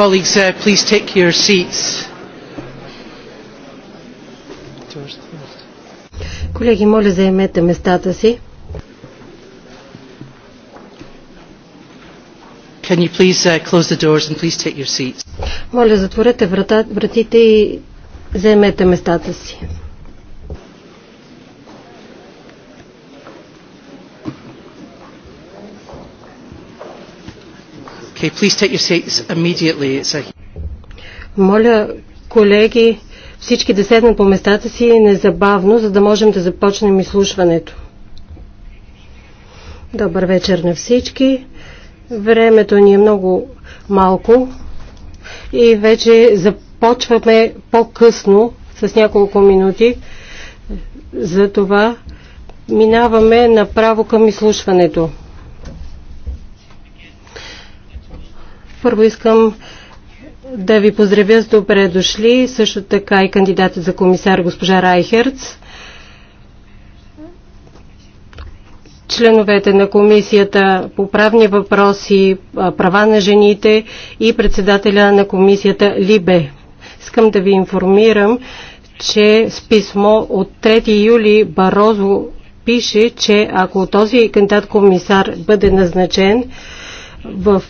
colleagues, uh, please take your seats. Колеги, моля заемете местата си. Can you please uh, close the doors and please take your seats? Моля, затворете вратите и заемете местата си. Okay, please take your seats immediately. It's a... Моля, колеги, всички да седнат по местата си незабавно, за да можем да започнем изслушването. Добър вечер на всички. Времето ни е много малко и вече започваме по-късно с няколко минути. Затова минаваме направо към изслушването. Първо искам да ви поздравя с добре дошли, също така и кандидатът за комисар госпожа Райхерц. членовете на комисията по правни въпроси, права на жените и председателя на комисията Либе. Искам да ви информирам, че с писмо от 3 юли Барозо пише, че ако този кандидат комисар бъде назначен, в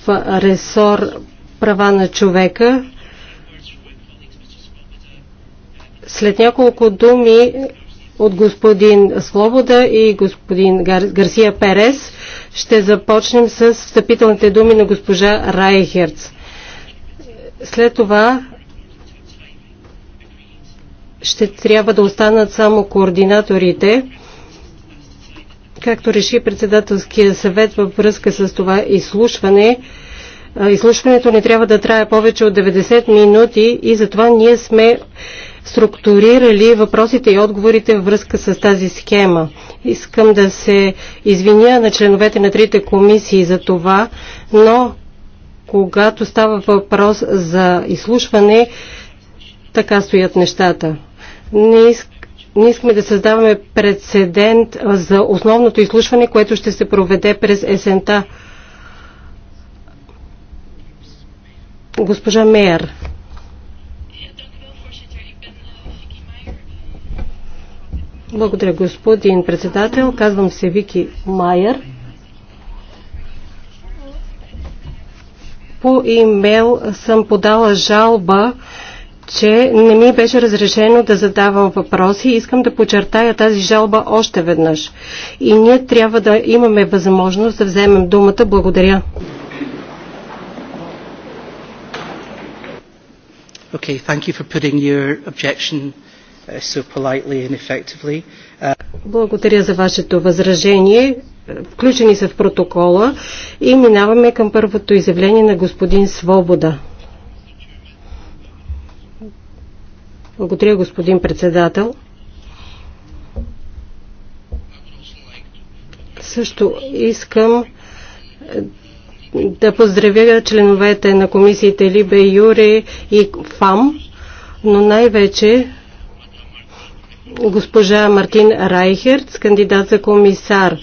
ресор права на човека. След няколко думи от господин Слобода и господин Гар... Гарсия Перес ще започнем с встъпителните думи на госпожа Райхерц. След това ще трябва да останат само координаторите Както реши председателския съвет във връзка с това изслушване, изслушването не трябва да трае повече от 90 минути и затова ние сме структурирали въпросите и отговорите във връзка с тази схема. Искам да се извиня на членовете на трите комисии за това, но когато става въпрос за изслушване, така стоят нещата. Не искам не искаме да създаваме прецедент за основното изслушване, което ще се проведе през есента. Госпожа Мейер. Благодаря, господин председател. Казвам се Вики Майер. По имейл съм подала жалба че не ми беше разрешено да задавам въпроси. Искам да подчертая тази жалба още веднъж. И ние трябва да имаме възможност да вземем думата. Благодаря. Okay, thank you for putting your objection uh, so politely and effectively. Uh, Благодаря за вашето възражение. Включени са в протокола и минаваме към първото изявление на господин Свобода. Благодаря, господин председател. Също искам е, да поздравя членовете на комисиите Либе, Юре и ФАМ, но най-вече госпожа Мартин Райхерц, кандидат за комисар.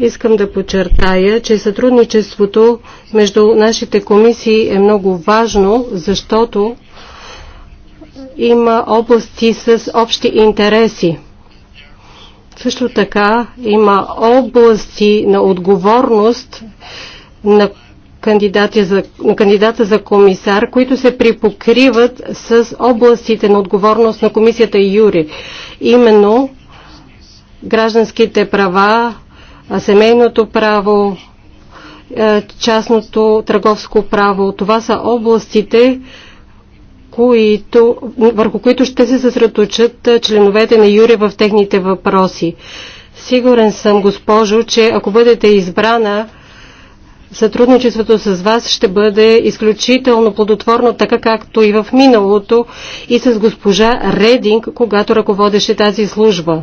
Искам да подчертая, че сътрудничеството между нашите комисии е много важно, защото има области с общи интереси. Също така има области на отговорност на кандидата за, на кандидата за комисар, които се припокриват с областите на отговорност на комисията Юри. Именно гражданските права, семейното право, е, частното търговско право. Това са областите, които, върху които ще се съсредоточат членовете на Юре в техните въпроси. Сигурен съм, госпожо, че ако бъдете избрана, сътрудничеството с вас ще бъде изключително плодотворно, така както и в миналото и с госпожа Рединг, когато ръководеше тази служба.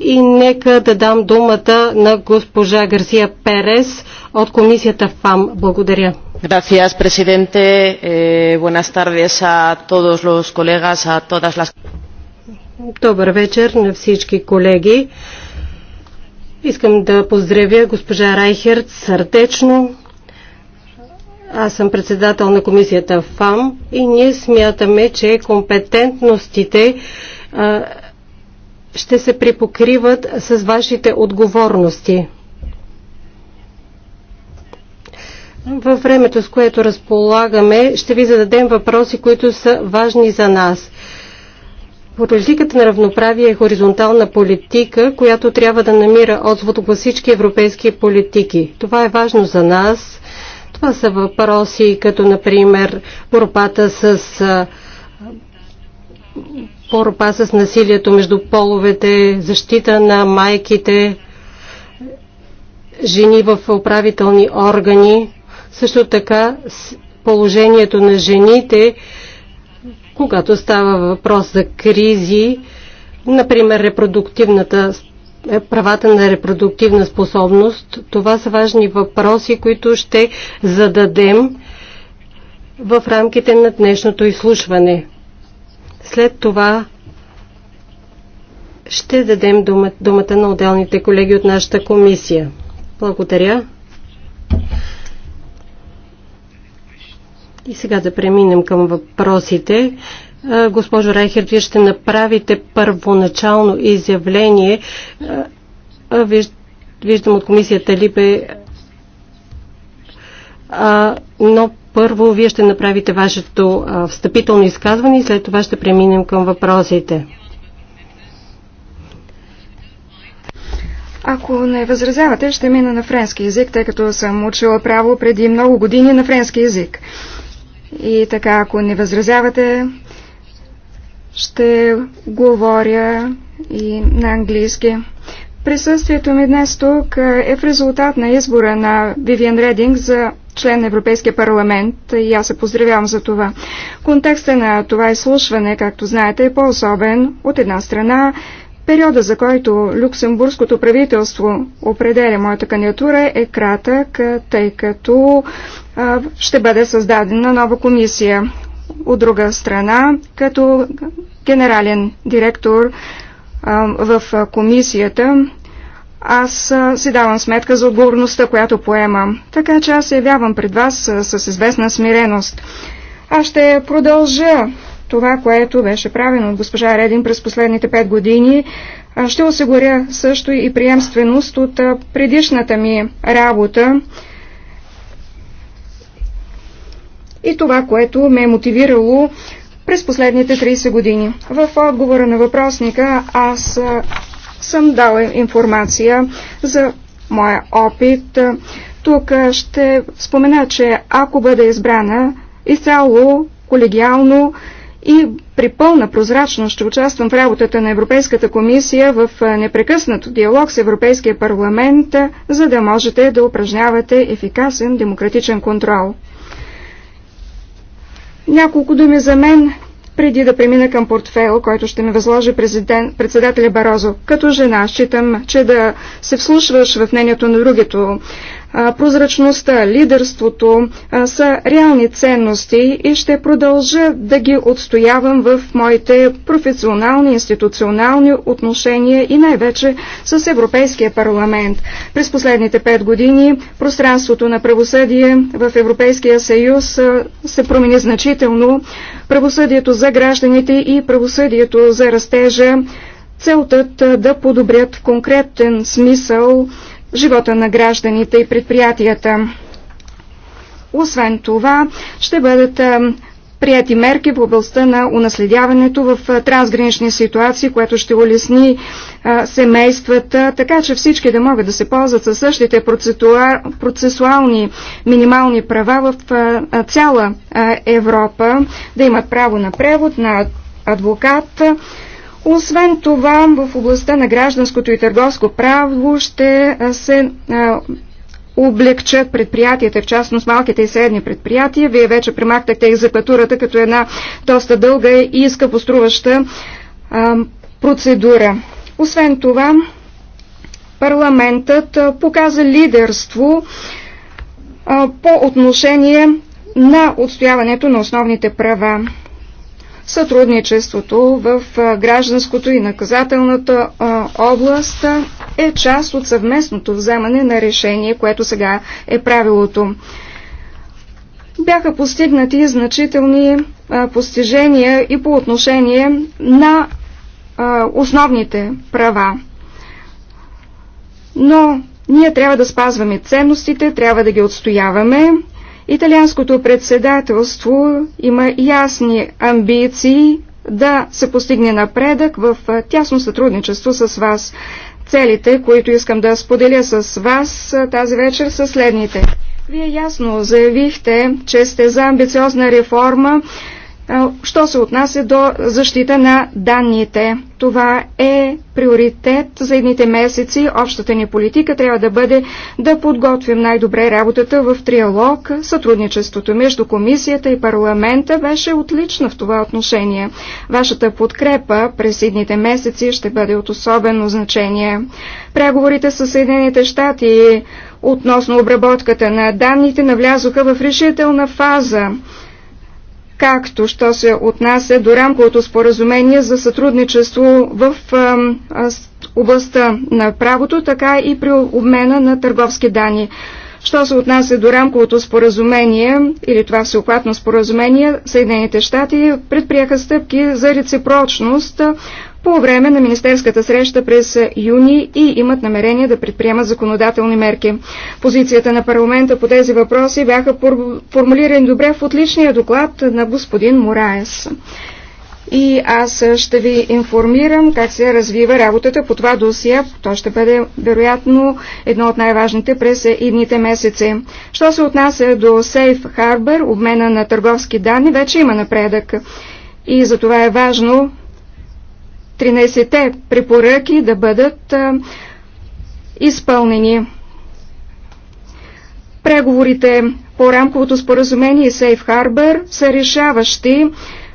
И нека да дам думата на госпожа Гарсия Перес от комисията ФАМ. Благодаря. Señor presidente. Eh, buenas tardes a todos los colegas, a todas las... Добър вечер на всички колеги. Искам да поздравя госпожа Райхерт сърдечно. Аз съм председател на комисията ФАМ и ние смятаме, че компетентностите а, ще се припокриват с вашите отговорности. Във времето, с което разполагаме, ще ви зададем въпроси, които са важни за нас. Политиката на равноправие е хоризонтална политика, която трябва да намира отзвод във всички европейски политики. Това е важно за нас. Това са въпроси като, например, борбата с борба с насилието между половете, защита на майките, жени в управителни органи. Също така положението на жените, когато става въпрос за кризи, например репродуктивната е, правата на репродуктивна способност. Това са важни въпроси, които ще зададем в рамките на днешното изслушване. След това ще дадем думата на отделните колеги от нашата комисия. Благодаря. И сега да преминем към въпросите. Госпожо Райхер, вие ще направите първоначално изявление. Виждам от комисията Либе, но първо вие ще направите вашето встъпително изказване и след това ще преминем към въпросите. Ако не възразявате, ще мина на френски язик, тъй като съм учила право преди много години на френски язик. И така, ако не възразявате, ще говоря и на английски. Присъствието ми днес тук е, е в резултат на избора на Вивиан Рединг за член на Европейския парламент и аз се поздравявам за това. Контекстът на това изслушване, както знаете, е по-особен. От една страна Периода, за който люксембургското правителство определя моята кандидатура е кратък, тъй като а, ще бъде създадена нова комисия. От друга страна, като генерален директор а, в комисията, аз а, си давам сметка за отговорността, която поемам. Така че аз се явявам пред вас а, с известна смиреност. Аз ще продължа това, което беше правено от госпожа Редин през последните пет години, ще осигуря също и приемственост от предишната ми работа и това, което ме е мотивирало през последните 30 години. В отговора на въпросника аз съм дала информация за моя опит. Тук ще спомена, че ако бъда избрана изцяло колегиално и при пълна прозрачност ще участвам в работата на Европейската комисия в непрекъснато диалог с Европейския парламент, за да можете да упражнявате ефикасен демократичен контрол. Няколко думи за мен, преди да премина към портфел, който ще ми възложи председателя Барозо. Като жена считам, че да се вслушваш в мнението на другито прозрачността, лидерството са реални ценности и ще продължа да ги отстоявам в моите професионални, институционални отношения и най-вече с Европейския парламент. През последните пет години пространството на правосъдие в Европейския съюз се промени значително. Правосъдието за гражданите и правосъдието за растежа целтът да подобрят в конкретен смисъл живота на гражданите и предприятията. Освен това, ще бъдат прияти мерки в областта на унаследяването в трансгранични ситуации, което ще улесни семействата, така че всички да могат да се ползват със същите процесуални минимални права в цяла Европа, да имат право на превод, на адвокат, освен това, в областта на гражданското и търговско право ще се облегчат предприятията, в частност малките и средни предприятия. Вие вече премахтахте екзекатурата като една доста дълга и скъпоструваща процедура. Освен това, парламентът показа лидерство по отношение на отстояването на основните права. Сътрудничеството в гражданското и наказателната област е част от съвместното вземане на решение, което сега е правилото. Бяха постигнати значителни постижения и по отношение на основните права. Но ние трябва да спазваме ценностите, трябва да ги отстояваме Италианското председателство има ясни амбиции да се постигне напредък в тясно сътрудничество с вас. Целите, които искам да споделя с вас тази вечер, са следните. Вие ясно заявихте, че сте за амбициозна реформа Що се отнася до защита на данните? Това е приоритет за едните месеци. Общата ни политика трябва да бъде да подготвим най-добре работата в триалог. Сътрудничеството между комисията и парламента беше отлично в това отношение. Вашата подкрепа през едните месеци ще бъде от особено значение. Преговорите с Съединените щати относно обработката на данните навлязоха в решителна фаза както що се отнася до рамковото споразумение за сътрудничество в областта на правото, така и при обмена на търговски данни. Що се отнася до рамковото споразумение или това всеоплатно споразумение, Съединените щати предприеха стъпки за реципрочност по време на министерската среща през юни и имат намерение да предприемат законодателни мерки. Позицията на парламента по тези въпроси бяха формулирани добре в отличния доклад на господин Мораес. И аз ще ви информирам как се развива работата по това досия. То ще бъде, вероятно, едно от най-важните през идните месеци. Що се отнася до Safe Harbor, обмена на търговски данни, вече има напредък. И за това е важно 13-те препоръки да бъдат изпълнени. Преговорите по рамковото споразумение и Сейф Харбър са решаващи,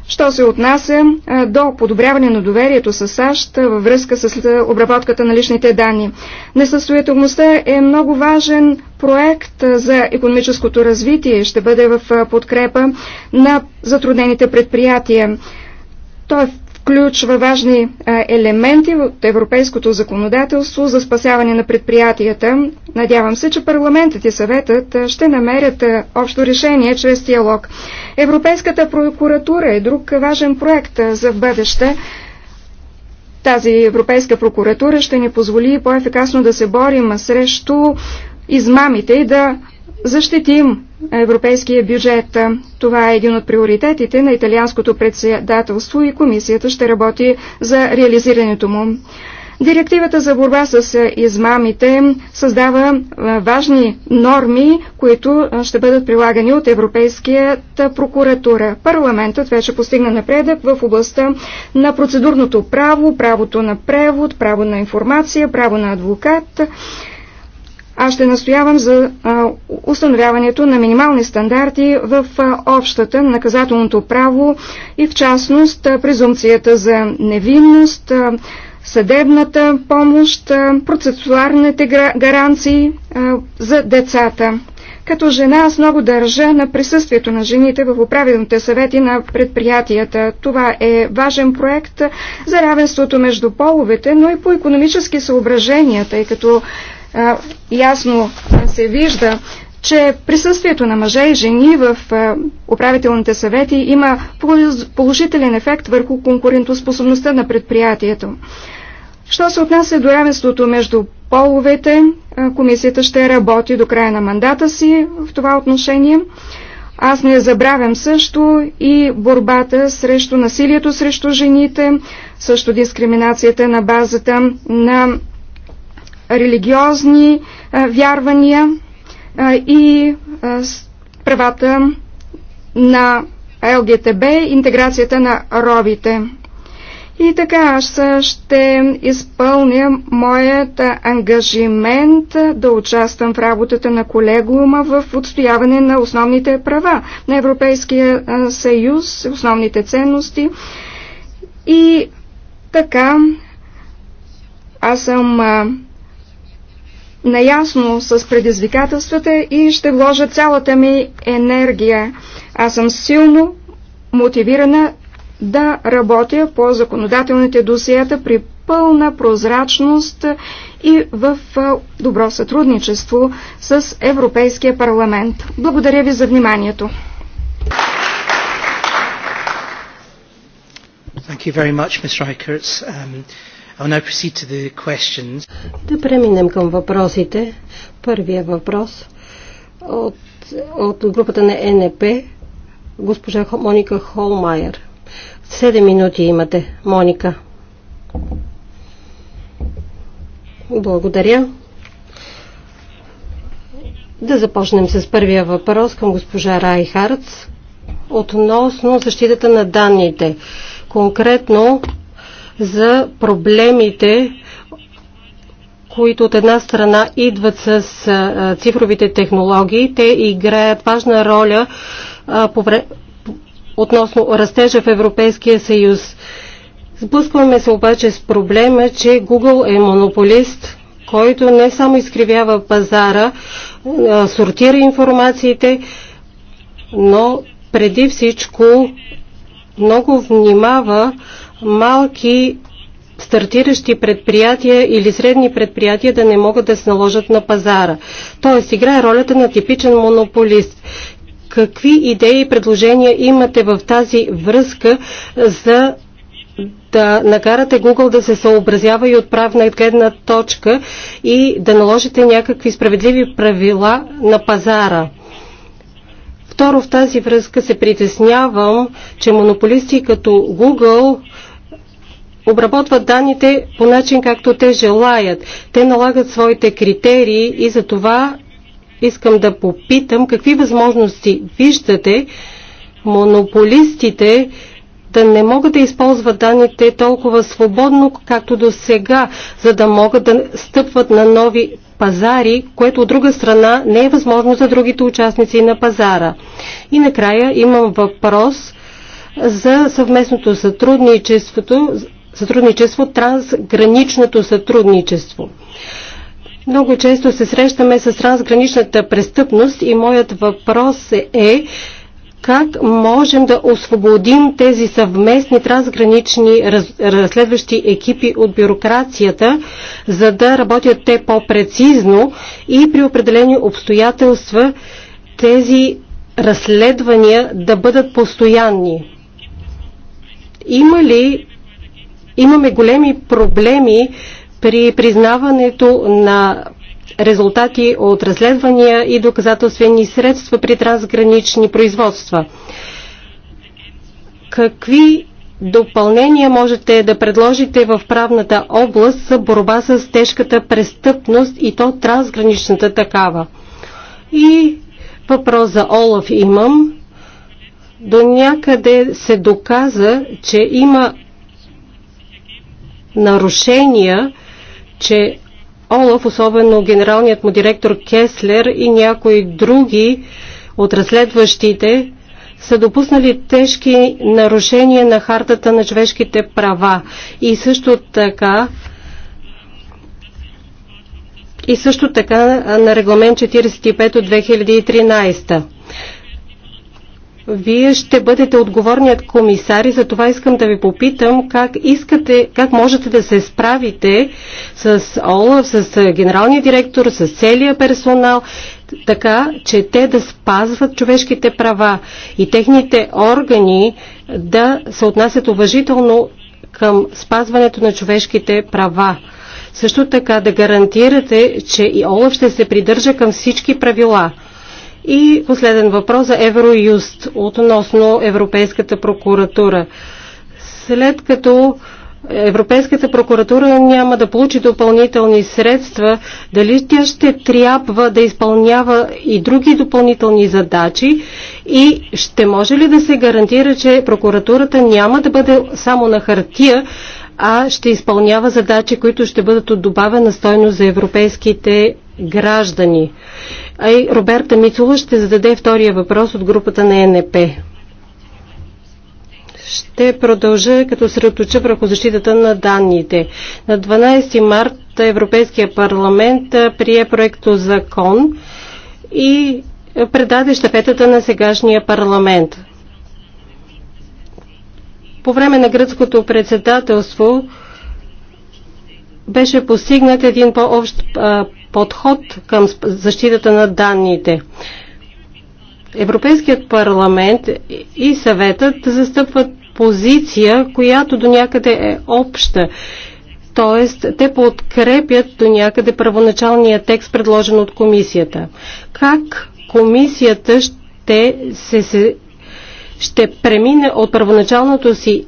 що се отнася до подобряване на доверието с САЩ във връзка с обработката на личните данни. Несъстоятелността е много важен проект за економическото развитие, ще бъде в подкрепа на затруднените предприятия. Той е включва важни елементи от европейското законодателство за спасяване на предприятията. Надявам се, че парламентът и съветът ще намерят общо решение чрез диалог. Европейската прокуратура е друг важен проект за бъдеще. Тази Европейска прокуратура ще ни позволи по-ефикасно да се борим срещу измамите и да защитим европейския бюджет. Това е един от приоритетите на италианското председателство и комисията ще работи за реализирането му. Директивата за борба с измамите създава важни норми, които ще бъдат прилагани от Европейската прокуратура. Парламентът вече постигна напредък в областта на процедурното право, правото на превод, право на информация, право на адвокат. Аз ще настоявам за установяването на минимални стандарти в общата наказателното право и в частност презумцията за невинност, съдебната помощ, процесуарните гаранции за децата. Като жена аз много държа на присъствието на жените в управителните съвети на предприятията. Това е важен проект за равенството между половете, но и по економически съображения, тъй като ясно се вижда, че присъствието на мъже и жени в управителните съвети има положителен ефект върху конкурентоспособността на предприятието. Що се отнася до равенството между половете, комисията ще работи до края на мандата си в това отношение. Аз не забравям също и борбата срещу насилието срещу жените, също дискриминацията на базата на религиозни вярвания и правата на ЛГТБ, интеграцията на робите. И така аз ще изпълня моят ангажимент да участвам в работата на колегума в отстояване на основните права на Европейския съюз, основните ценности. И така аз съм наясно с предизвикателствата и ще вложа цялата ми енергия. Аз съм силно мотивирана да работя по законодателните досията при пълна прозрачност и в добро сътрудничество с Европейския парламент. Благодаря ви за вниманието. Thank you very much, Ms. Reichertz. Um, да преминем към въпросите. Първия въпрос от, от групата на НП, госпожа Моника Холмайер. Седем минути имате, Моника. Благодаря. Да започнем с първия въпрос към госпожа Райхардс относно защитата на данните. Конкретно за проблемите, които от една страна идват с цифровите технологии. Те играят важна роля относно растежа в Европейския съюз. Сблъскваме се обаче с проблема, че Google е монополист, който не само изкривява пазара, сортира информациите, но преди всичко много внимава малки стартиращи предприятия или средни предприятия да не могат да се наложат на пазара. Тоест, играе ролята на типичен монополист. Какви идеи и предложения имате в тази връзка за да накарате Google да се съобразява и от правна гледна точка и да наложите някакви справедливи правила на пазара? Второ, в тази връзка се притеснявам, че монополисти като Google обработват данните по начин както те желаят. Те налагат своите критерии и за това искам да попитам какви възможности виждате монополистите да не могат да използват данните толкова свободно, както до сега, за да могат да стъпват на нови пазари, което от друга страна не е възможно за другите участници на пазара. И накрая имам въпрос за съвместното сътрудничеството сътрудничество, трансграничното сътрудничество. Много често се срещаме с трансграничната престъпност и моят въпрос е как можем да освободим тези съвместни трансгранични раз, разследващи екипи от бюрокрацията, за да работят те по-прецизно и при определени обстоятелства тези разследвания да бъдат постоянни. Има ли Имаме големи проблеми при признаването на резултати от разследвания и доказателствени средства при трансгранични производства. Какви допълнения можете да предложите в правната област за борба с тежката престъпност и то трансграничната такава? И въпрос за Олаф имам. До някъде се доказа, че има нарушения, че Олаф, особено генералният му директор Кеслер и някои други от разследващите, са допуснали тежки нарушения на хартата на човешките права. И също така и също така на регламент 45 от 2013. Вие ще бъдете отговорният комисар и за това искам да ви попитам как искате, как можете да се справите с ОЛАФ, с генералния директор, с целия персонал, така, че те да спазват човешките права и техните органи да се отнасят уважително към спазването на човешките права. Също така да гарантирате, че и ОЛАФ ще се придържа към всички правила – и последен въпрос за Евроюст относно Европейската прокуратура. След като Европейската прокуратура няма да получи допълнителни средства, дали тя ще трябва да изпълнява и други допълнителни задачи и ще може ли да се гарантира, че прокуратурата няма да бъде само на хартия, а ще изпълнява задачи, които ще бъдат от добавена стойност за европейските граждани. А и Роберта Мицула ще зададе втория въпрос от групата на НП. Ще продължа като средоточа върху защитата на данните. На 12 март Европейския парламент прие проекто закон и предаде щафетата на сегашния парламент. По време на гръцкото председателство беше постигнат един по-общ подход към защитата на данните. Европейският парламент и съветът застъпват позиция, която до някъде е обща. Тоест, те подкрепят до някъде първоначалния текст, предложен от комисията. Как комисията ще се, се ще премине от първоначалното си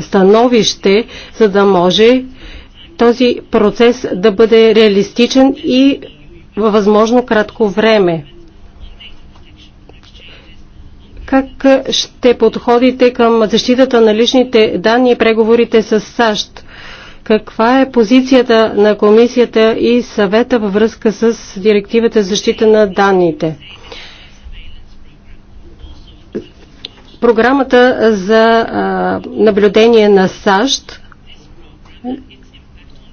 становище, за да може този процес да бъде реалистичен и във възможно кратко време. Как ще подходите към защитата на личните данни и преговорите с САЩ? Каква е позицията на комисията и съвета във връзка с директивата защита на данните? програмата за наблюдение на САЩ.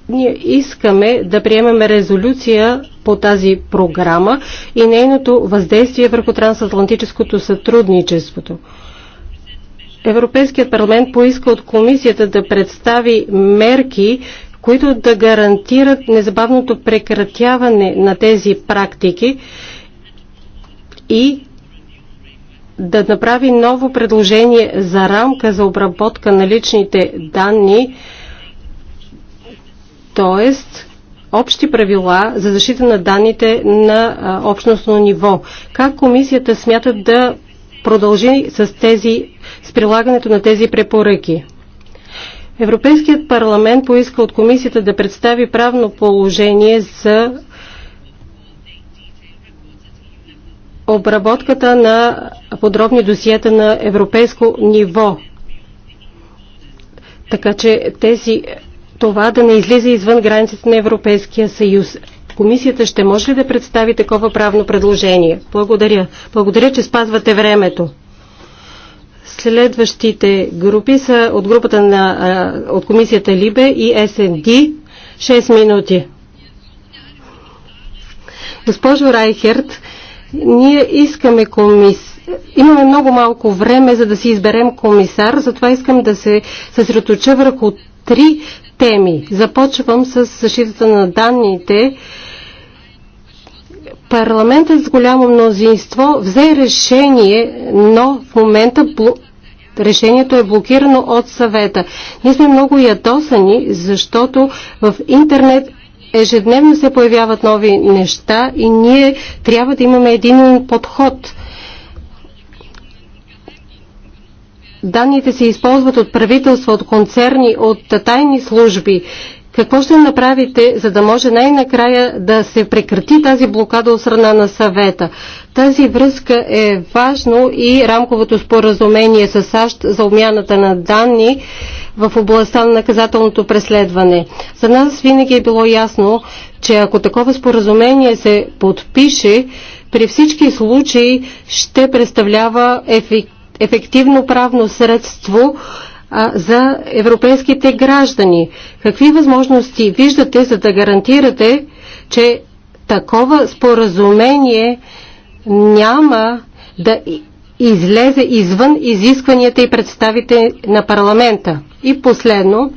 Ние искаме да приемаме резолюция по тази програма и нейното въздействие върху трансатлантическото сътрудничеството. Европейският парламент поиска от комисията да представи мерки, които да гарантират незабавното прекратяване на тези практики и да направи ново предложение за рамка за обработка на личните данни, т.е. общи правила за защита на данните на общностно ниво. Как комисията смята да продължи с, тези, с прилагането на тези препоръки? Европейският парламент поиска от комисията да представи правно положение за обработката на подробни досиета на европейско ниво. Така че тези, това да не излиза извън границите на Европейския съюз. Комисията ще може ли да представи такова правно предложение? Благодаря. Благодаря, че спазвате времето. Следващите групи са от групата на, от комисията Либе и СНД. 6 минути. Госпожо Райхерт, ние искаме комис... Имаме много малко време, за да си изберем комисар, затова искам да се съсредоточа върху три теми. Започвам с защитата на данните. Парламентът с голямо мнозинство взе решение, но в момента бл... решението е блокирано от съвета. Ние сме много ядосани, защото в интернет ежедневно се появяват нови неща и ние трябва да имаме един подход. Данните се използват от правителства, от концерни, от тайни служби какво ще направите, за да може най-накрая да се прекрати тази блокада от страна на съвета? Тази връзка е важно и рамковото споразумение с САЩ за обмяната на данни в областта на наказателното преследване. За нас винаги е било ясно, че ако такова споразумение се подпише, при всички случаи ще представлява ефективно правно средство а, за европейските граждани. Какви възможности виждате, за да гарантирате, че такова споразумение няма да излезе извън изискванията и представите на парламента? И последно,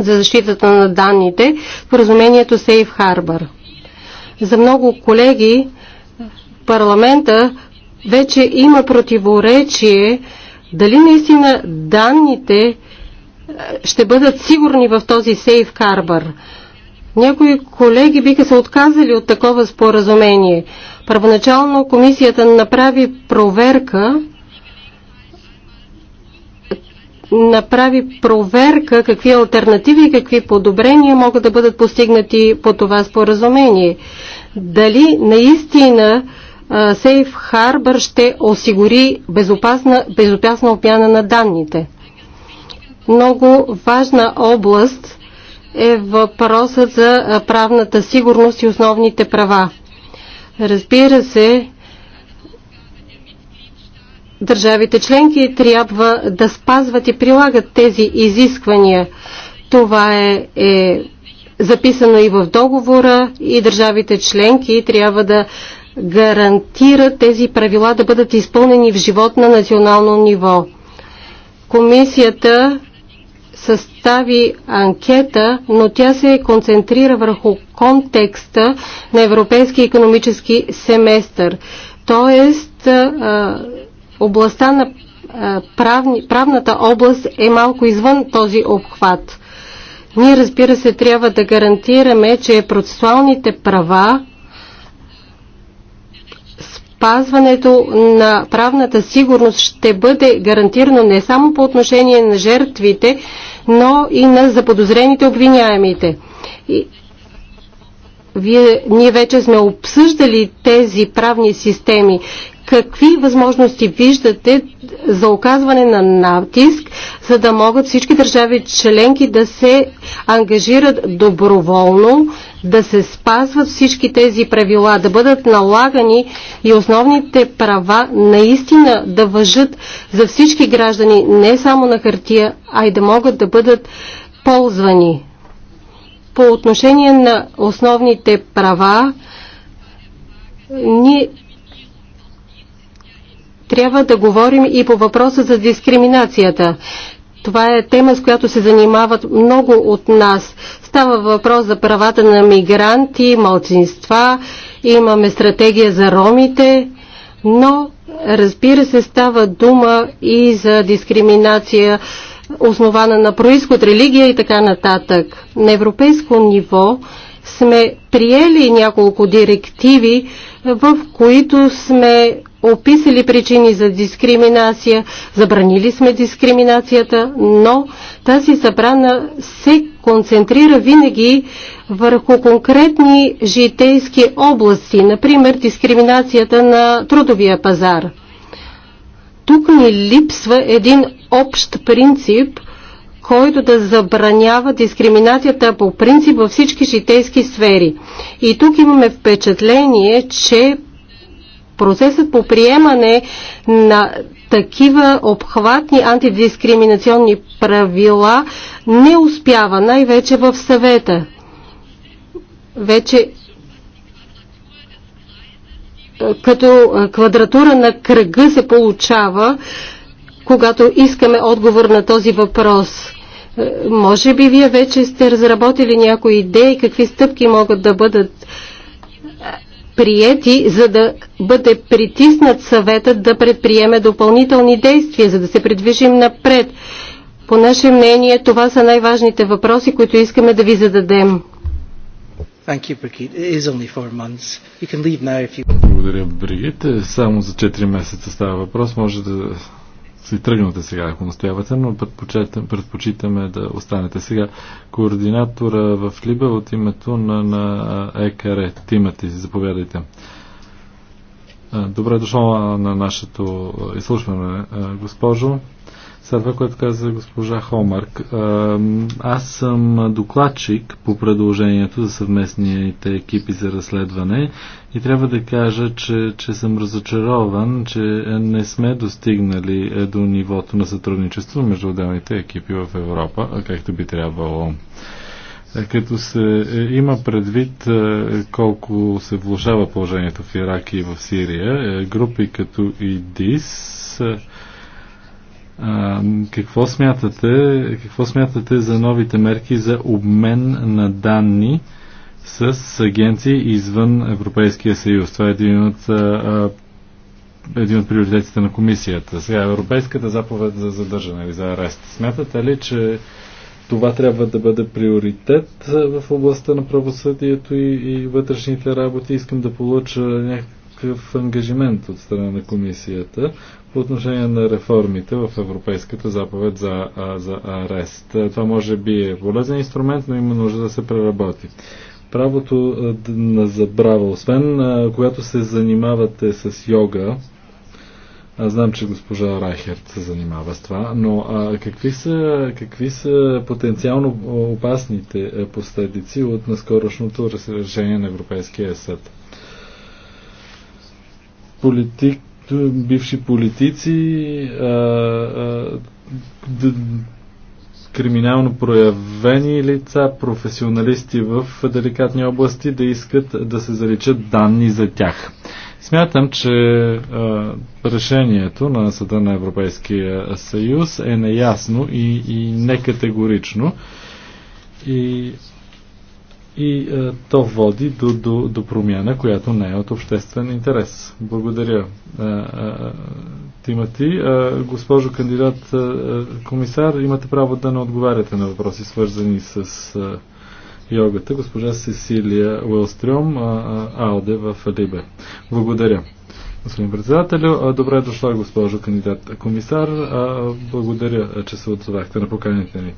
за защитата на данните, споразумението Сейф Харбър. За много колеги парламента вече има противоречие дали наистина данните е, ще бъдат сигурни в този сейф карбър. Някои колеги биха се отказали от такова споразумение. Първоначално комисията направи проверка направи проверка какви альтернативи и какви подобрения могат да бъдат постигнати по това споразумение. Дали наистина Сейф Harbor ще осигури безопасна, безопасна обмяна на данните. Много важна област е въпросът за правната сигурност и основните права. Разбира се, държавите членки трябва да спазват и прилагат тези изисквания. Това е, е записано и в договора и държавите членки трябва да гарантира тези правила да бъдат изпълнени в живот на национално ниво. Комисията състави анкета, но тя се концентрира върху контекста на европейски економически семестър. Тоест, областта на правни, правната област е малко извън този обхват. Ние, разбира се, трябва да гарантираме, че процесуалните права Спазването на правната сигурност ще бъде гарантирано не само по отношение на жертвите, но и на заподозрените обвиняемите. Вие, ние вече сме обсъждали тези правни системи какви възможности виждате за оказване на натиск, за да могат всички държави членки да се ангажират доброволно да се спазват всички тези правила, да бъдат налагани и основните права наистина да въжат за всички граждани, не само на хартия, а и да могат да бъдат ползвани. По отношение на основните права, ние трябва да говорим и по въпроса за дискриминацията. Това е тема, с която се занимават много от нас. Става въпрос за правата на мигранти, малцинства, имаме стратегия за ромите, но разбира се става дума и за дискриминация основана на происход, религия и така нататък. На европейско ниво сме приели няколко директиви, в които сме описали причини за дискриминация, забранили сме дискриминацията, но тази забрана се концентрира винаги върху конкретни житейски области, например дискриминацията на трудовия пазар. Тук ни липсва един общ принцип, който да забранява дискриминацията по принцип във всички житейски сфери. И тук имаме впечатление, че Процесът по приемане на такива обхватни антидискриминационни правила не успява, най-вече в съвета. Вече е, като е, квадратура на кръга се получава, когато искаме отговор на този въпрос. Е, може би вие вече сте разработили някои идеи, какви стъпки могат да бъдат приети, за да бъде притиснат съветът да предприеме допълнителни действия, за да се придвижим напред. По наше мнение, това са най-важните въпроси, които искаме да ви зададем. Благодаря, Бригит. Само за 4 месеца става въпрос. Може да си тръгнете сега, ако настоявате, но предпочитаме да останете сега. Координатора в Либа от името на, на ЕКР, Тимати, заповядайте. Добре дошла на нашето изслушване, госпожо. Сега това, което каза госпожа Хомарк. Аз съм докладчик по предложението за съвместните екипи за разследване и трябва да кажа, че, че съм разочарован, че не сме достигнали е, до нивото на сътрудничество между отделните екипи в Европа, както би трябвало е, като се е, има предвид колко се влушава положението в Ирак и в Сирия, групи като ИДИС а, какво, смятате, какво смятате за новите мерки за обмен на данни с агенции извън Европейския съюз? Това е един от, а, един от приоритетите на комисията. Сега Европейската заповед за задържане или за арест. Смятате ли, че това трябва да бъде приоритет в областта на правосъдието и, и вътрешните работи. Искам да получа някакъв ангажимент от страна на комисията по отношение на реформите в Европейската заповед за, а, за арест. Това може би е полезен инструмент, но има нужда да се преработи. Правото на забрава, освен а, когато се занимавате с йога, аз знам, че госпожа Райхерт се занимава с това, но а, какви, са, какви са потенциално опасните последици от наскорошното разрешение на Европейския съд? Политик, е, бивши политици, а, е, а, е, криминално проявени лица, професионалисти в деликатни области да искат да се заличат данни за тях. Смятам, че а, решението на Съда на Европейския съюз е неясно и, и некатегорично. И и е, то води до, до, до промяна, която не е от обществен интерес. Благодаря, е, е, Тимати. Е, госпожо кандидат е, е комисар, имате право да не отговаряте на въпроси, свързани с е, йогата. Госпожа Сесилия Уелстрюм, е, е АОД в Либе. Благодаря. Господин председателю, е, добре дошла, госпожо кандидат комисар. Благодаря, че се отзовахте на поканите ни.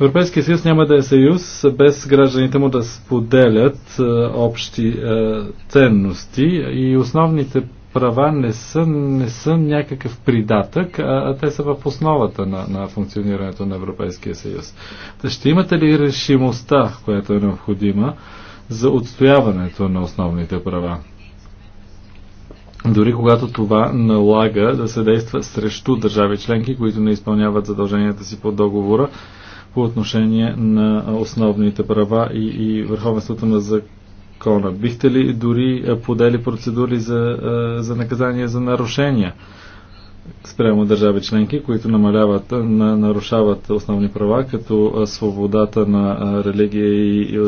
Европейския съюз няма да е съюз без гражданите му да споделят е, общи е, ценности и основните права не са, не са някакъв придатък, а, а те са в основата на, на функционирането на Европейския съюз. Та ще имате ли решимостта, която е необходима за отстояването на основните права? Дори когато това налага да се действа срещу държави членки, които не изпълняват задълженията си по договора по отношение на основните права и, и върховенството на закона. Бихте ли дори е, подели процедури за, е, за наказание за нарушения спрямо държави членки, които намаляват, е, на, нарушават основни права, като свободата на религия и,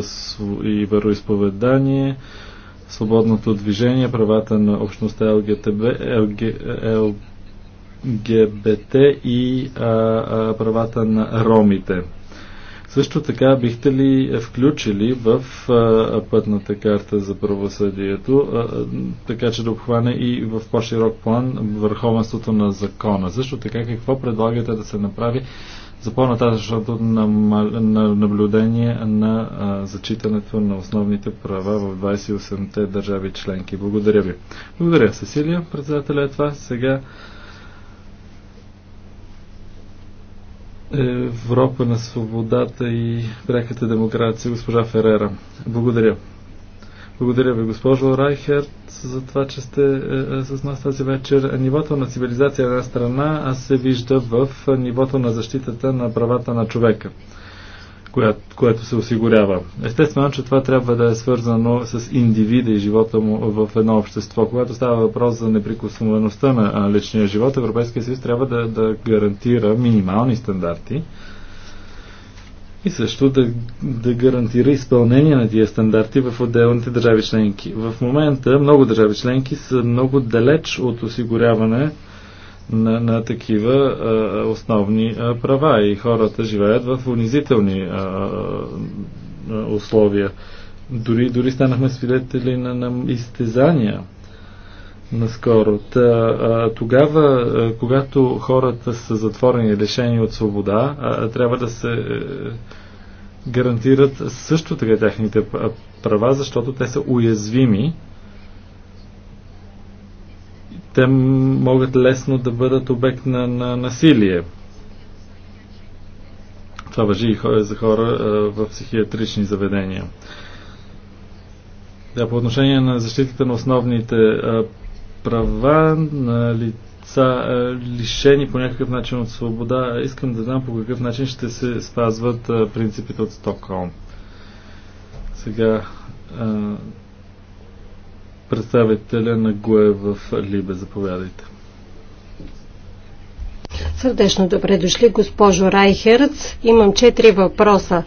и, и вероисповедание, свободното движение, правата на общността ЛГТБ, ЛГ, ЛГБТ и а, а, правата на ромите? Също така бихте ли е, включили в е, пътната карта за правосъдието, е, така че да обхване и в по-широк план върховенството на закона? Също така какво предлагате да се направи за по-нататъчното наблюдение на зачитането на основните права в 28-те държави членки. Благодаря ви. Благодаря, Сесилия, председателя. Това сега Европа на свободата и пряката демокрация, госпожа Ферера. Благодаря. Благодаря ви, госпожо Райхерт, за това, че сте е, е с нас тази вечер. Нивото на цивилизация е на страна се вижда в нивото на защитата на правата на човека която, което се осигурява. Естествено, че това трябва да е свързано с индивида и живота му в едно общество. Когато става въпрос за неприкосновеността на личния живот, Европейския съюз трябва да, да гарантира минимални стандарти и също да, да гарантира изпълнение на тия стандарти в отделните държави членки. В момента много държави членки са много далеч от осигуряване на, на такива а, основни а, права и хората живеят в унизителни а, а, условия. Дори, дори станахме свидетели на, на изтезания наскоро. Та, а, тогава, а, когато хората са затворени, лишени от свобода, а, а, трябва да се а, е, гарантират също така тяхните права, защото те са уязвими те могат лесно да бъдат обект на, на насилие. Това въжи и за хора в психиатрични заведения. Да, по отношение на защитата на основните права на лица, лишени по някакъв начин от свобода, искам да знам по какъв начин ще се спазват принципите от Стокхолм. Сега представителя на гое в Либе. Заповядайте. Сърдечно добре дошли, госпожо Райхерц. Имам четири въпроса.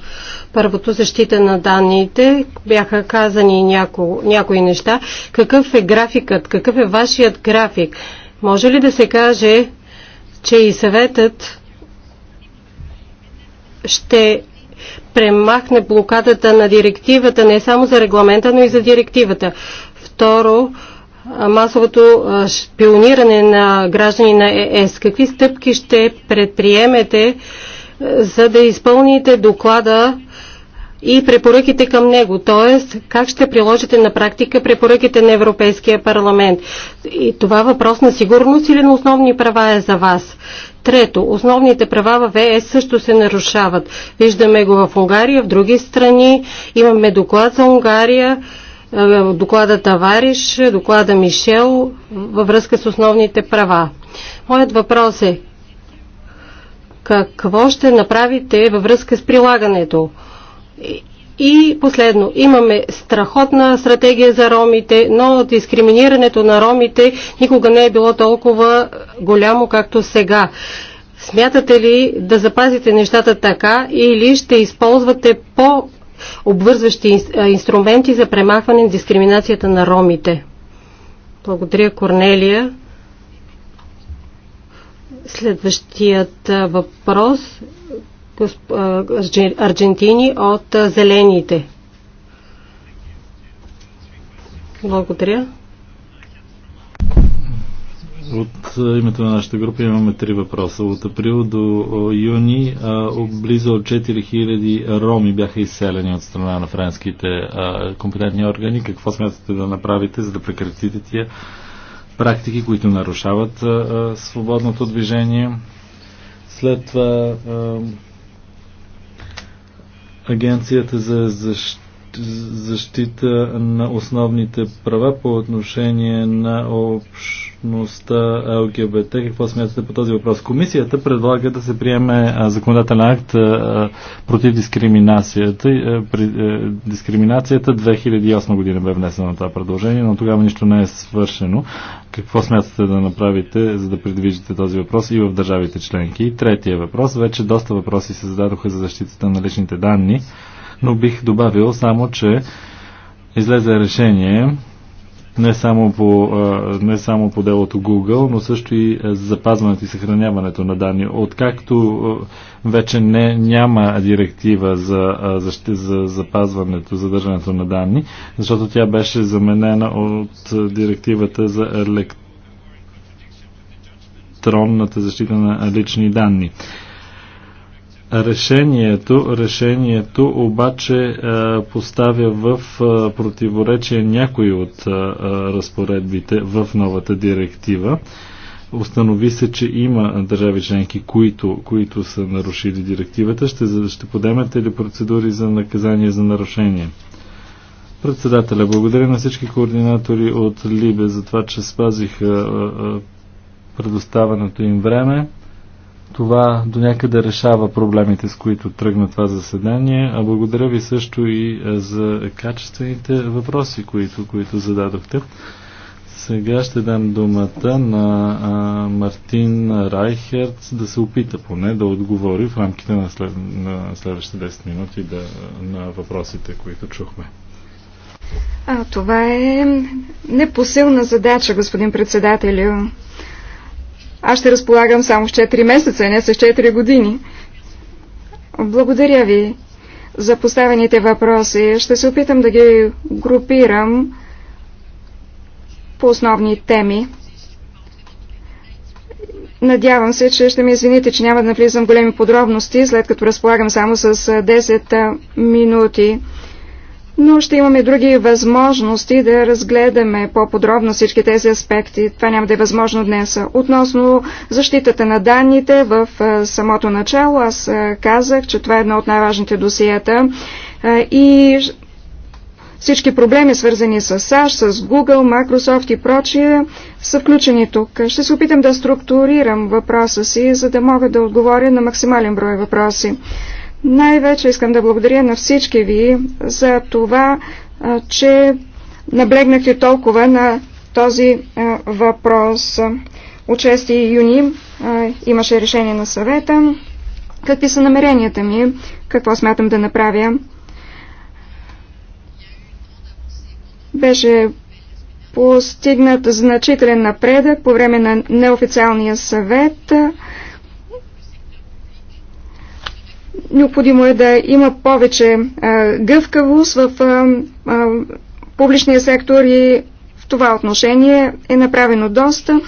Първото защита на данните. Бяха казани няко, някои неща. Какъв е графикът? Какъв е вашият график? Може ли да се каже, че и съветът ще премахне блокадата на директивата, не само за регламента, но и за директивата. Второ, масовото шпиониране на граждани на ЕС. Какви стъпки ще предприемете, за да изпълните доклада и препоръките към него, т.е. как ще приложите на практика препоръките на Европейския парламент. И това въпрос на сигурност или на основни права е за вас. Трето, основните права в ЕС също се нарушават. Виждаме го в Унгария, в други страни. Имаме доклад за Унгария доклада Тавариш, доклада Мишел във връзка с основните права. Моят въпрос е какво ще направите във връзка с прилагането? И последно, имаме страхотна стратегия за ромите, но дискриминирането на ромите никога не е било толкова голямо, както сега. Смятате ли да запазите нещата така или ще използвате по обвързващи инструменти за премахване на дискриминацията на ромите. Благодаря, Корнелия. Следващият въпрос госп... Аржентини от Зелените. Благодаря. От е, името на нашата група имаме три въпроса. От април до юни близо 4000 роми бяха изселени от страна на френските компетентни органи. Какво смятате да направите, за да прекратите тия практики, които нарушават свободното движение? След това Агенцията за защита защита на основните права по отношение на общ общността ЛГБТ. Какво смятате по този въпрос? Комисията предлага да се приеме законодателен акт против дискриминацията. дискриминацията 2008 година бе внесено на това предложение, но тогава нищо не е свършено. Какво смятате да направите, за да предвижите този въпрос и в държавите членки? И третия въпрос. Вече доста въпроси се зададоха за защитата на личните данни, но бих добавил само, че излезе решение не само по, не само по делото Google, но също и за запазването и съхраняването на данни. Откакто вече не, няма директива за, за, за запазването, задържането на данни, защото тя беше заменена от директивата за електронната защита на лични данни. Решението, решението обаче е, поставя в е, противоречие някои от е, разпоредбите в новата директива. Установи се, че има държави членки, които, които са нарушили директивата. Ще, ще подемете ли процедури за наказание за нарушение? Председателя, благодаря на всички координатори от Либе за това, че спазиха предоставеното им време. Това до някъде решава проблемите, с които тръгна това заседание. А благодаря ви също и за качествените въпроси, които, които зададохте. Сега ще дам думата на а, Мартин Райхерт да се опита поне да отговори в рамките на, след, на следващите 10 минути да, на въпросите, които чухме. А, това е непосилна задача, господин председателю. Аз ще разполагам само с 4 месеца, не с 4 години. Благодаря ви за поставените въпроси. Ще се опитам да ги групирам по основни теми. Надявам се, че ще ми извините, че няма да навлизам големи подробности, след като разполагам само с 10 минути но ще имаме други възможности да разгледаме по-подробно всички тези аспекти. Това няма да е възможно днес. Относно защитата на данните в самото начало, аз казах, че това е едно от най-важните досиета и всички проблеми, свързани с САЩ, с Google, Microsoft и прочие, са включени тук. Ще се опитам да структурирам въпроса си, за да мога да отговоря на максимален брой въпроси. Най-вече искам да благодаря на всички ви за това, че наблегнахте толкова на този въпрос. От 6 юни имаше решение на съвета. Какви са намеренията ми? Какво смятам да направя? Беше постигнат значителен напредък по време на неофициалния съвет. Необходимо е да има повече гъвкавост в публичния сектор и в това отношение е направено доста.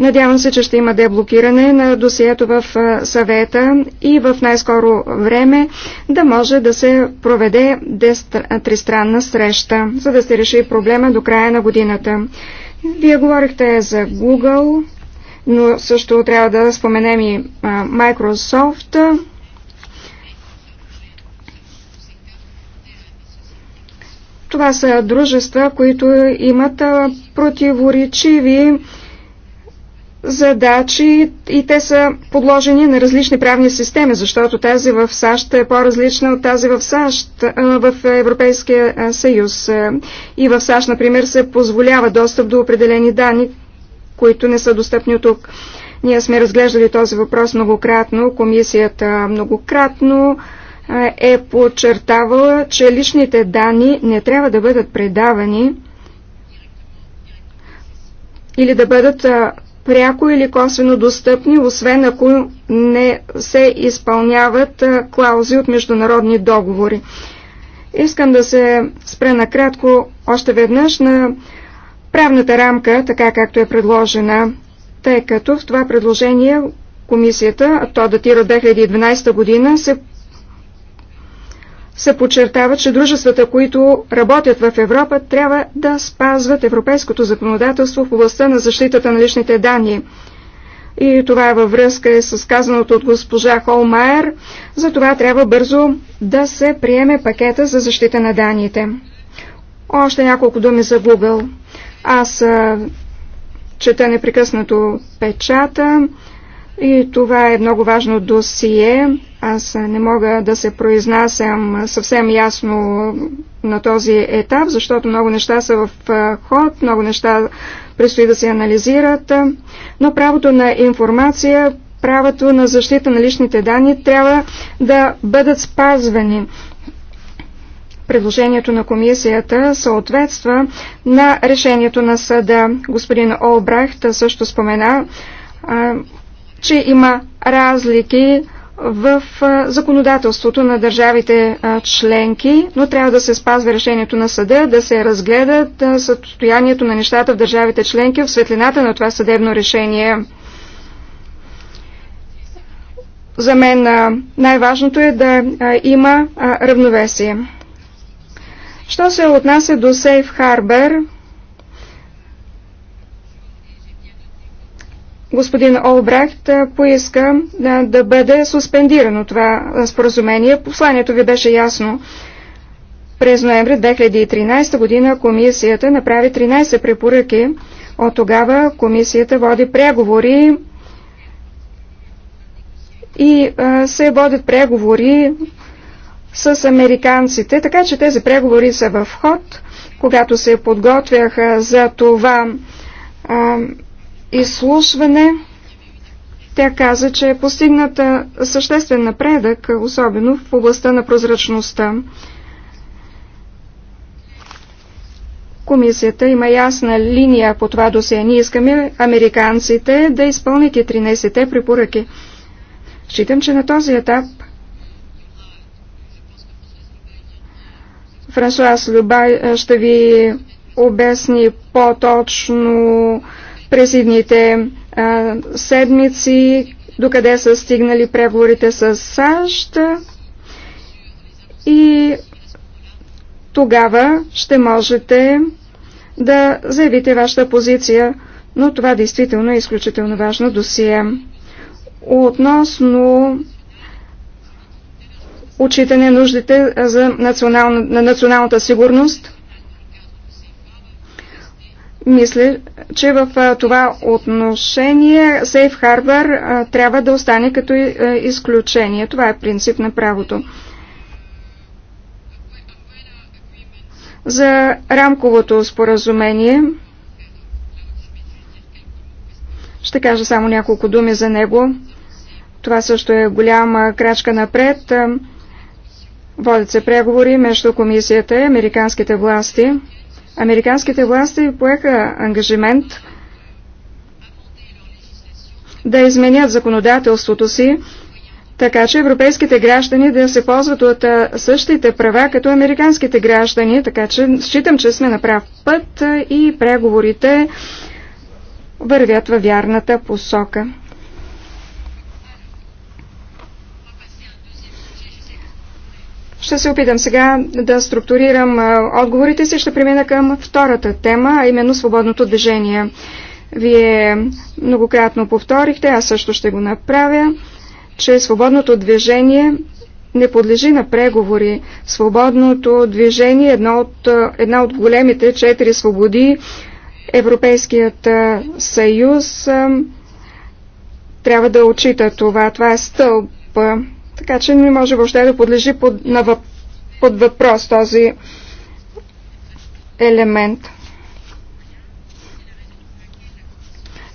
Надявам се, че ще има деблокиране на досието в съвета и в най-скоро време да може да се проведе тристранна среща, за да се реши проблема до края на годината. Вие говорихте за Google, но също трябва да споменем и Microsoft. Това са дружества, които имат противоречиви задачи и те са подложени на различни правни системи, защото тази в САЩ е по-различна от тази в САЩ, в Европейския съюз. И в САЩ, например, се позволява достъп до определени данни, които не са достъпни тук. Ние сме разглеждали този въпрос многократно, комисията многократно е подчертавала, че личните данни не трябва да бъдат предавани или да бъдат пряко или косвено достъпни, освен ако не се изпълняват клаузи от международни договори. Искам да се спре накратко още веднъж на правната рамка, така както е предложена, тъй като в това предложение комисията, а то датира 2012 година, се се подчертава, че дружествата, които работят в Европа, трябва да спазват европейското законодателство в областта на защитата на личните данни. И това е във връзка е с казаното от госпожа Холмайер. За това трябва бързо да се приеме пакета за защита на данните. Още няколко думи за Google. Аз а, чета непрекъснато печата. И това е много важно досие. Аз не мога да се произнасям съвсем ясно на този етап, защото много неща са в ход, много неща предстои да се анализират. Но правото на информация, правото на защита на личните данни трябва да бъдат спазвани. Предложението на комисията съответства на решението на съда. Господин Олбрахт също спомена че има разлики в законодателството на държавите членки, но трябва да се спазва решението на съда, да се разгледат състоянието на нещата в държавите членки в светлината на това съдебно решение. За мен най-важното е да има равновесие. Що се отнася до Сейф Харбер, господин Олбрехт поиска да, да бъде суспендирано това споразумение. Посланието ви беше ясно. През ноември 2013 година комисията направи 13 препоръки. От тогава комисията води преговори и а, се водят преговори с американците, така че тези преговори са в ход. Когато се подготвяха за това а, изслушване тя каза, че е постигната съществен напредък, особено в областта на прозрачността. Комисията има ясна линия по това досие. Ние искаме американците да изпълнят и 13-те препоръки. Считам, че на този етап Франсуас Любай ще ви обясни по-точно през едните а, седмици, докъде са стигнали преговорите с САЩ и тогава ще можете да заявите вашата позиция, но това действително е изключително важно досие. Относно отчитане нуждите за национална, на националната сигурност, мисля, че в това отношение Сейф Харбър трябва да остане като е, изключение. Това е принцип на правото. За рамковото споразумение ще кажа само няколко думи за него. Това също е голяма крачка напред. Водят се преговори между комисията и американските власти. Американските власти поеха ангажимент да изменят законодателството си, така че европейските граждани да се ползват от същите права като американските граждани, така че считам, че сме на прав път и преговорите вървят във вярната посока. Ще се опитам сега да структурирам отговорите си. Ще премина към втората тема, а именно свободното движение. Вие многократно повторихте, аз също ще го направя, че свободното движение не подлежи на преговори. Свободното движение е една от, една от големите четири свободи. Европейският съюз трябва да отчита това. Това е стълб така че не може въобще да подлежи под, на въп, под въпрос този елемент.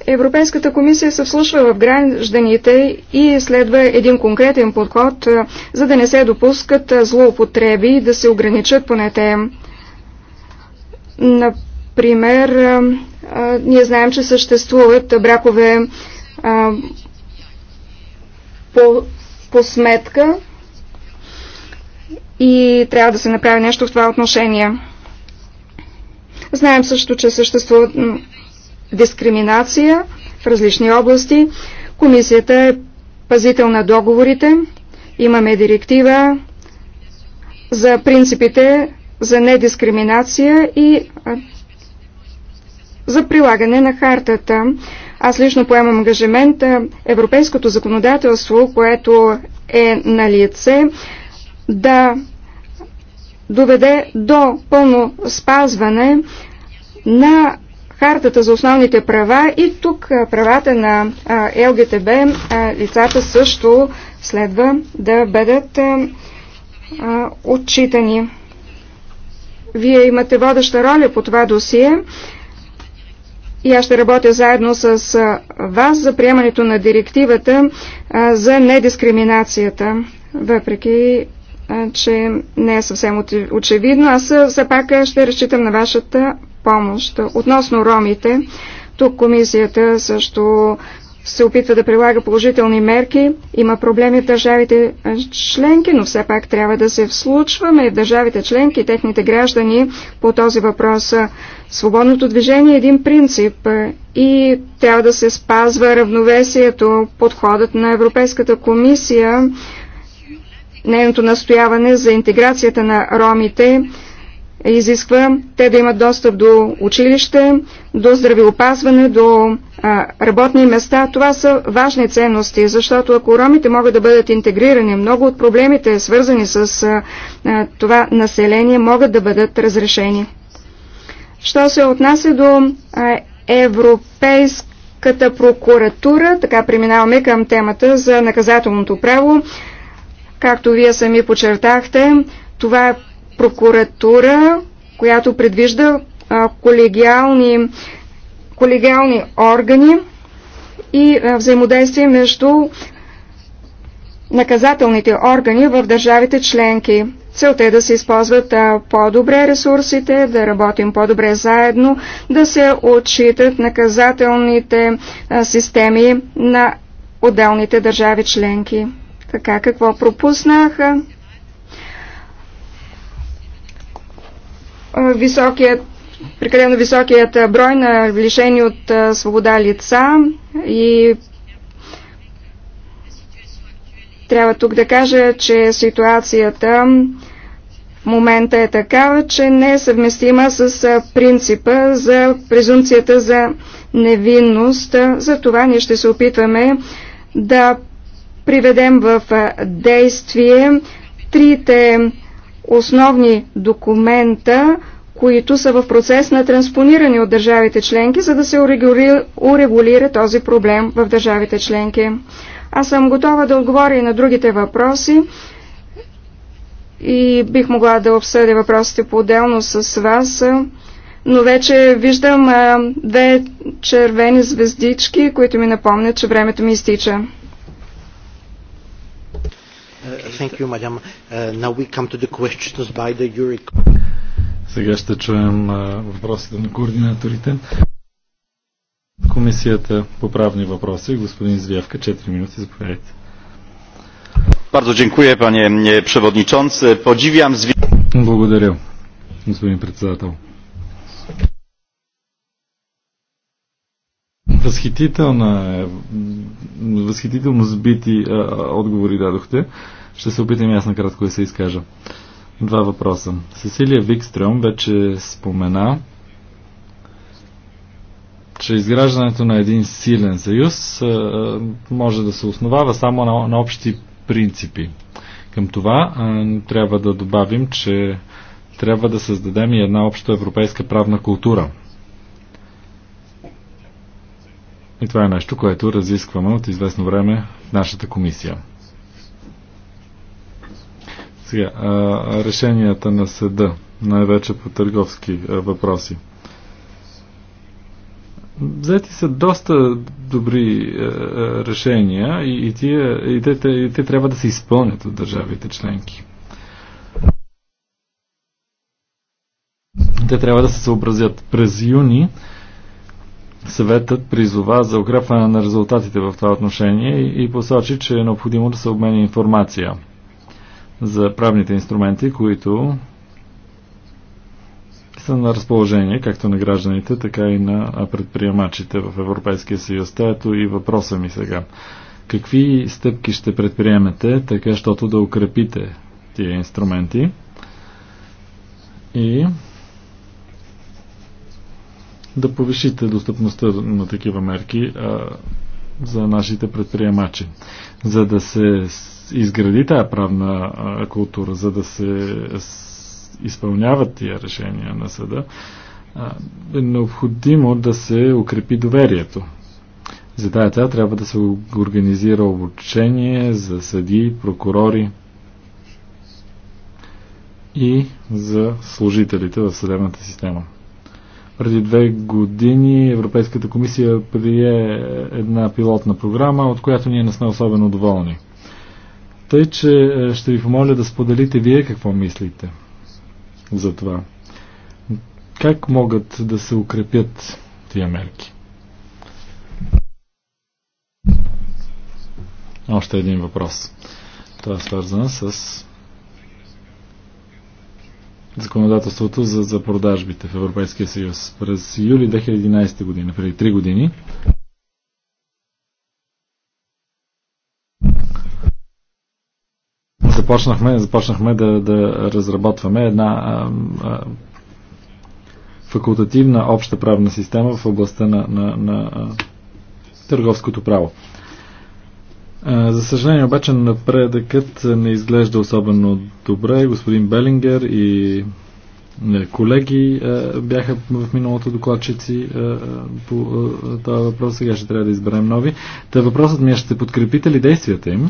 Европейската комисия се вслушва в гражданите и следва един конкретен подход, е, за да не се допускат е, злоупотреби и да се ограничат поне те. Например, е, ние знаем, че съществуват бракове по по сметка и трябва да се направи нещо в това отношение. Знаем също, че съществува дискриминация в различни области. Комисията е пазител на договорите. Имаме директива за принципите за недискриминация и за прилагане на хартата. Аз лично поемам ангажимента европейското законодателство, което е на лице, да доведе до пълно спазване на Хартата за основните права и тук правата на ЛГТБ лицата също следва да бъдат отчитани. Вие имате водеща роля по това досие и аз ще работя заедно с вас за приемането на директивата за недискриминацията, въпреки че не е съвсем очевидно. Аз все пак ще разчитам на вашата помощ. Относно ромите, тук комисията също се опитва да прилага положителни мерки. Има проблеми в държавите членки, но все пак трябва да се вслучваме в държавите членки и техните граждани по този въпрос. Свободното движение е един принцип и трябва да се спазва равновесието, подходът на Европейската комисия, нейното настояване за интеграцията на ромите изисква те да имат достъп до училище, до здравеопазване, до а, работни места. Това са важни ценности, защото ако ромите могат да бъдат интегрирани, много от проблемите, свързани с а, това население, могат да бъдат разрешени. Що се отнася до а, Европейската прокуратура, така преминаваме към темата за наказателното право, както вие сами подчертахте, това е прокуратура, която предвижда колегиални, колегиални органи и взаимодействие между наказателните органи в държавите членки. Целта е да се използват по-добре ресурсите, да работим по-добре заедно, да се отчитат наказателните системи на отделните държави членки. Така, какво пропуснаха? високият, прекалено високият брой на лишени от свобода лица и трябва тук да кажа, че ситуацията в момента е такава, че не е съвместима с принципа за презумцията за невинност. За това ние ще се опитваме да приведем в действие трите основни документа, които са в процес на транспониране от държавите членки, за да се урегулира, този проблем в държавите членки. Аз съм готова да отговоря и на другите въпроси и бих могла да обсъдя въпросите по-отделно с вас, но вече виждам две червени звездички, които ми напомнят, че времето ми изтича. Uh, thank you, madam. Uh, Now we come to the questions by the Euric. Сега ще чуем uh, въпросите на координаторите. Комисията по правни въпроси, господин Звявка, 4 минути, заповядайте. Bardzo dziękuję, panie e, przewodniczący. Podziwiam Благодаря, господин председател. Възхитителна е, възхитително сбити а, отговори дадохте. Ще се опитам ясно кратко да се изкажа. Два въпроса. Сесилия Викстрем вече спомена, че изграждането на един силен съюз може да се основава само на, на общи принципи. Към това трябва да добавим, че трябва да създадем и една обща европейска правна култура. И това е нещо, което разискваме от известно време в нашата комисия. Сега, решенията на съда, най-вече по търговски въпроси. Взети са доста добри а, решения и, и, тия, и, те, и те трябва да се изпълнят от държавите членки. Те трябва да се съобразят. През юни съветът призова за укрепване на резултатите в това отношение и, и посочи, че е необходимо да се обменя информация за правните инструменти, които са на разположение както на гражданите, така и на предприемачите в Европейския съюз. ето и въпроса ми сега. Какви стъпки ще предприемете, така щото да укрепите тия инструменти? И да повишите достъпността на такива мерки а, за нашите предприемачи. За да се изгради тая правна култура, за да се изпълняват тия решения на съда, е необходимо да се укрепи доверието. За тая цел трябва да се организира обучение за съди, прокурори и за служителите в съдебната система. Преди две години Европейската комисия прие една пилотна програма, от която ние не сме особено доволни. Тъй, че е, ще ви помоля да споделите вие какво мислите за това. Как могат да се укрепят тия мерки? Още един въпрос. Това е свързано с законодателството за, за продажбите в Европейския съюз. През юли 2011 година, преди 3 години, започнахме, започнахме да, да разработваме една а, а, факултативна обща правна система в областта на, на, на а, търговското право. За съжаление обаче напредъкът не изглежда особено добре. Господин Белингер и нали, колеги бяха в миналото докладчици по това въпрос. Сега ще трябва да изберем нови. Та въпросът ми е, ще подкрепите ли действията им?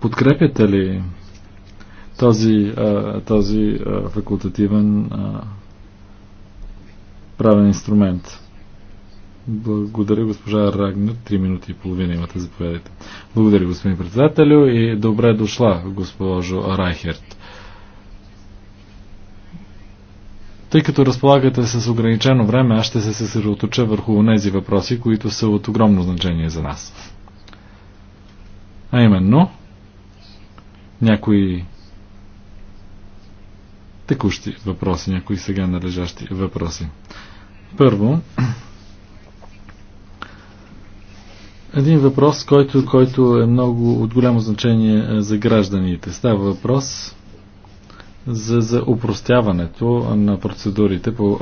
Подкрепяте ли този, този факултативен правен инструмент. Благодаря, госпожа Рагнер. Три минути и половина имате, заповядайте. Благодаря, господин председателю и добре дошла, госпожо Райхерт. Тъй като разполагате с ограничено време, аз ще се съсредоточа върху тези въпроси, които са от огромно значение за нас. А именно, някои текущи въпроси, някои сега належащи въпроси. Първо, един въпрос, който, който е много от голямо значение е, за гражданите. Става въпрос за, за упростяването на процедурите по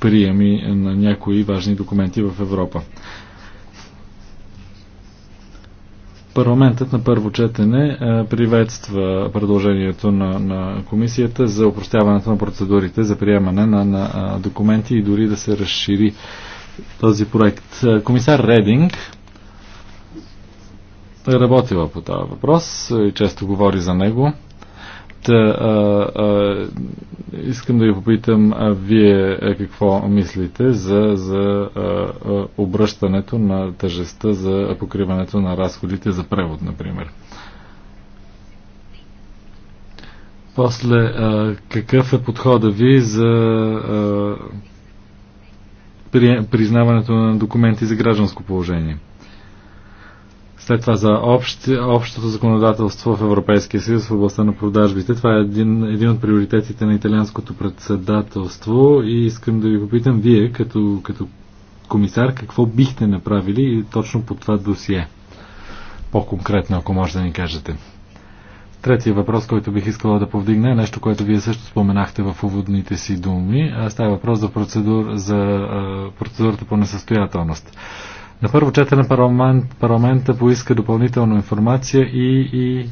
приеми на някои важни документи в Европа. Парламентът на първо четене е, приветства предложението на, на комисията за упростяването на процедурите за приемане на, на документи и дори да се разшири този проект. Е, комисар Рединг е работила по този въпрос и често говори за него. Та, а, а, искам да ви попитам, а вие какво мислите за, за а, а, обръщането на тъжеста за покриването на разходите за превод, например? После, а, какъв е подхода ви за а, при, признаването на документи за гражданско положение? След това за общ, общото законодателство в Европейския съюз в областта на продажбите. Това е един, един от приоритетите на италианското председателство и искам да ви попитам вие като, като комисар какво бихте направили точно по това досие. По-конкретно, ако може да ни кажете. Третия въпрос, който бих искала да повдигна е нещо, което вие също споменахте в уводните си думи. Става въпрос за, процедур, за процедурата по несъстоятелност. На първо четене парламент, парламента поиска допълнителна информация и, и,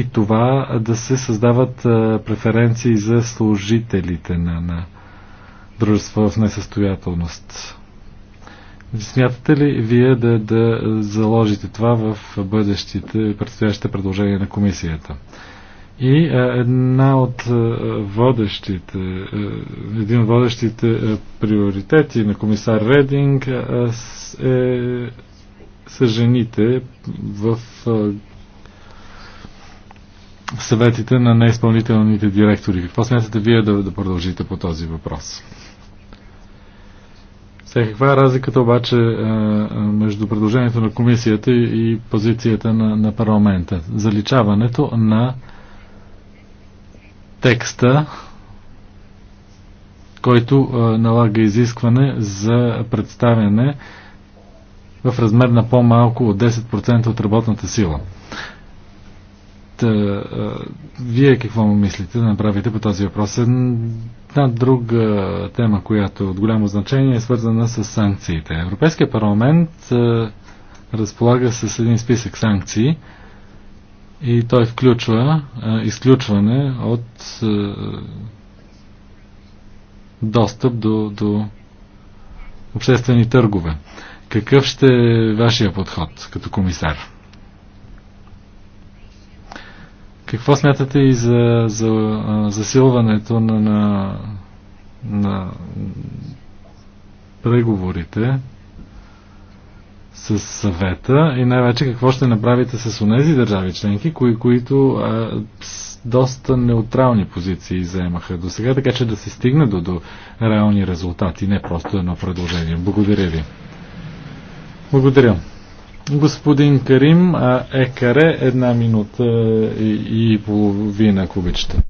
и това да се създават а, преференции за служителите на, на дружество в несъстоятелност. Смятате ли вие да, да заложите това в бъдещите предстоящите предложения на комисията? И е, една от е, водещите, е, един от водещите приоритети на комисар Рединг е, са жените в съветите на неизпълнителните директори. Какво смятате вие да, да продължите по този въпрос? Сега, каква е разликата обаче между предложението на комисията и позицията на, на парламента? Заличаването на текста, който налага изискване за представяне в размер на по-малко от 10% от работната сила. Та, вие какво му мислите да направите по този въпрос? Една друга тема, която е от голямо значение, е свързана с санкциите. Европейския парламент разполага с един списък санкции, и той включва а, изключване от а, достъп до, до обществени търгове. Какъв ще е вашия подход като комисар? Какво смятате и за, за засилването на, на, на преговорите с съвета и най-вече какво ще направите с онези държави членки, кои, които а, с доста неутрални позиции заемаха до сега, така че да се стигне до, до реални резултати, не просто едно предложение. Благодаря ви. Благодаря. Господин Карим, а, екаре една минута и, и половина кубичета.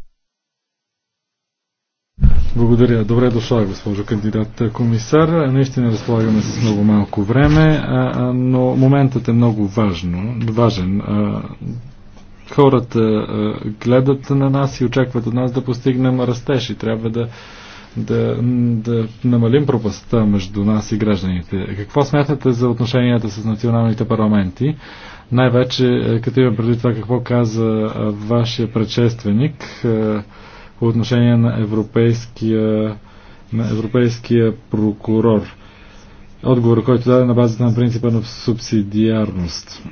Благодаря. Добре дошла, госпожо кандидат комисар. Наистина разполагаме с много малко време, но моментът е много важно, важен. Хората гледат на нас и очакват от нас да постигнем растеж и трябва да да, да намалим пропастта между нас и гражданите. Какво смятате за отношенията с националните парламенти? Най-вече, като имам преди това какво каза вашия предшественик, по отношение на европейския, на европейския прокурор. Отговор, който даде на базата на принципа на субсидиарност.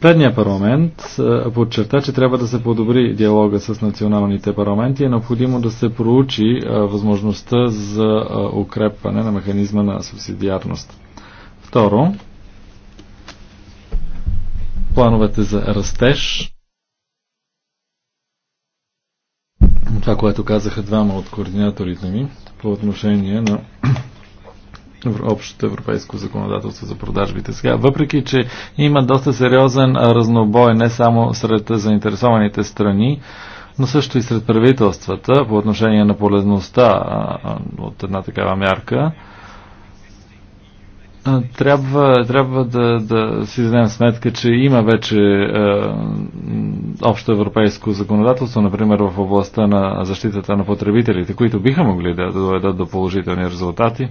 Предния парламент подчерта, че трябва да се подобри диалога с националните парламенти и е необходимо да се проучи възможността за укрепване на механизма на субсидиарност. Второ, плановете за растеж това, което казаха двама от координаторите ми по отношение на общото европейско законодателство за продажбите. Сега, въпреки, че има доста сериозен разнобой не само сред заинтересованите страни, но също и сред правителствата по отношение на полезността от една такава мярка, трябва, трябва да, да си дадем сметка, че има вече е, общо европейско законодателство, например в областта на защитата на потребителите, които биха могли да доведат до положителни резултати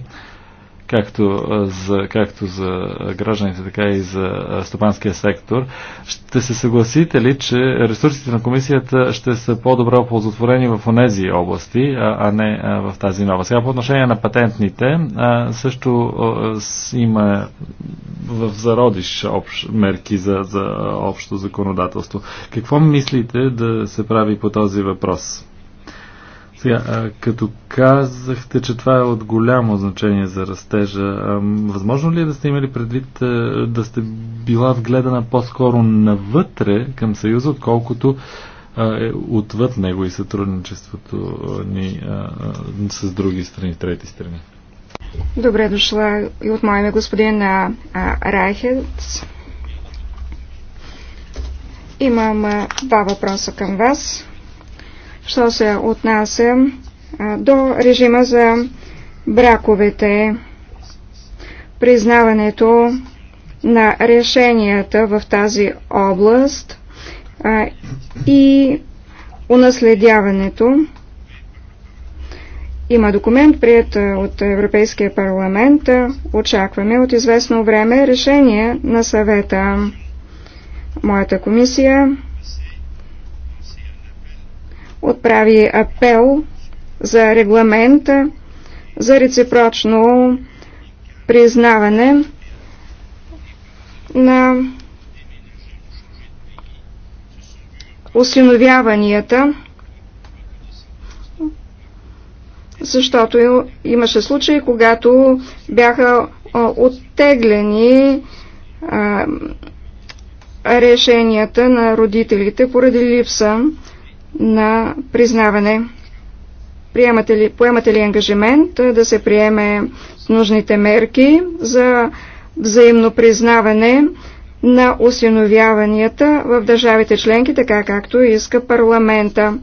както за, както за гражданите, така и за стопанския сектор. Ще се съгласите ли, че ресурсите на комисията ще са по-добре оползотворени в онези области, а не в тази нова? Сега по отношение на патентните, също има в зародиш общ, мерки за, за общо законодателство. Какво мислите да се прави по този въпрос? Сега, като казахте, че това е от голямо значение за растежа, възможно ли е да сте имали предвид да сте била вгледана по-скоро навътре към Съюза, отколкото е отвъд него и сътрудничеството ни с други страни, трети страни? Добре дошла и от моя господин Райхец. Имам два въпроса към вас що се отнася до режима за браковете, признаването на решенията в тази област и унаследяването. Има документ, прият от Европейския парламент. Очакваме от известно време решение на съвета. Моята комисия отправи апел за регламента за реципрочно признаване на осиновяванията, защото имаше случаи, когато бяха оттеглени решенията на родителите поради липса на признаване. Приемате ли, поемате ли ангажимент да се приеме нужните мерки за взаимно признаване на осиновяванията в държавите членки, така както иска парламента?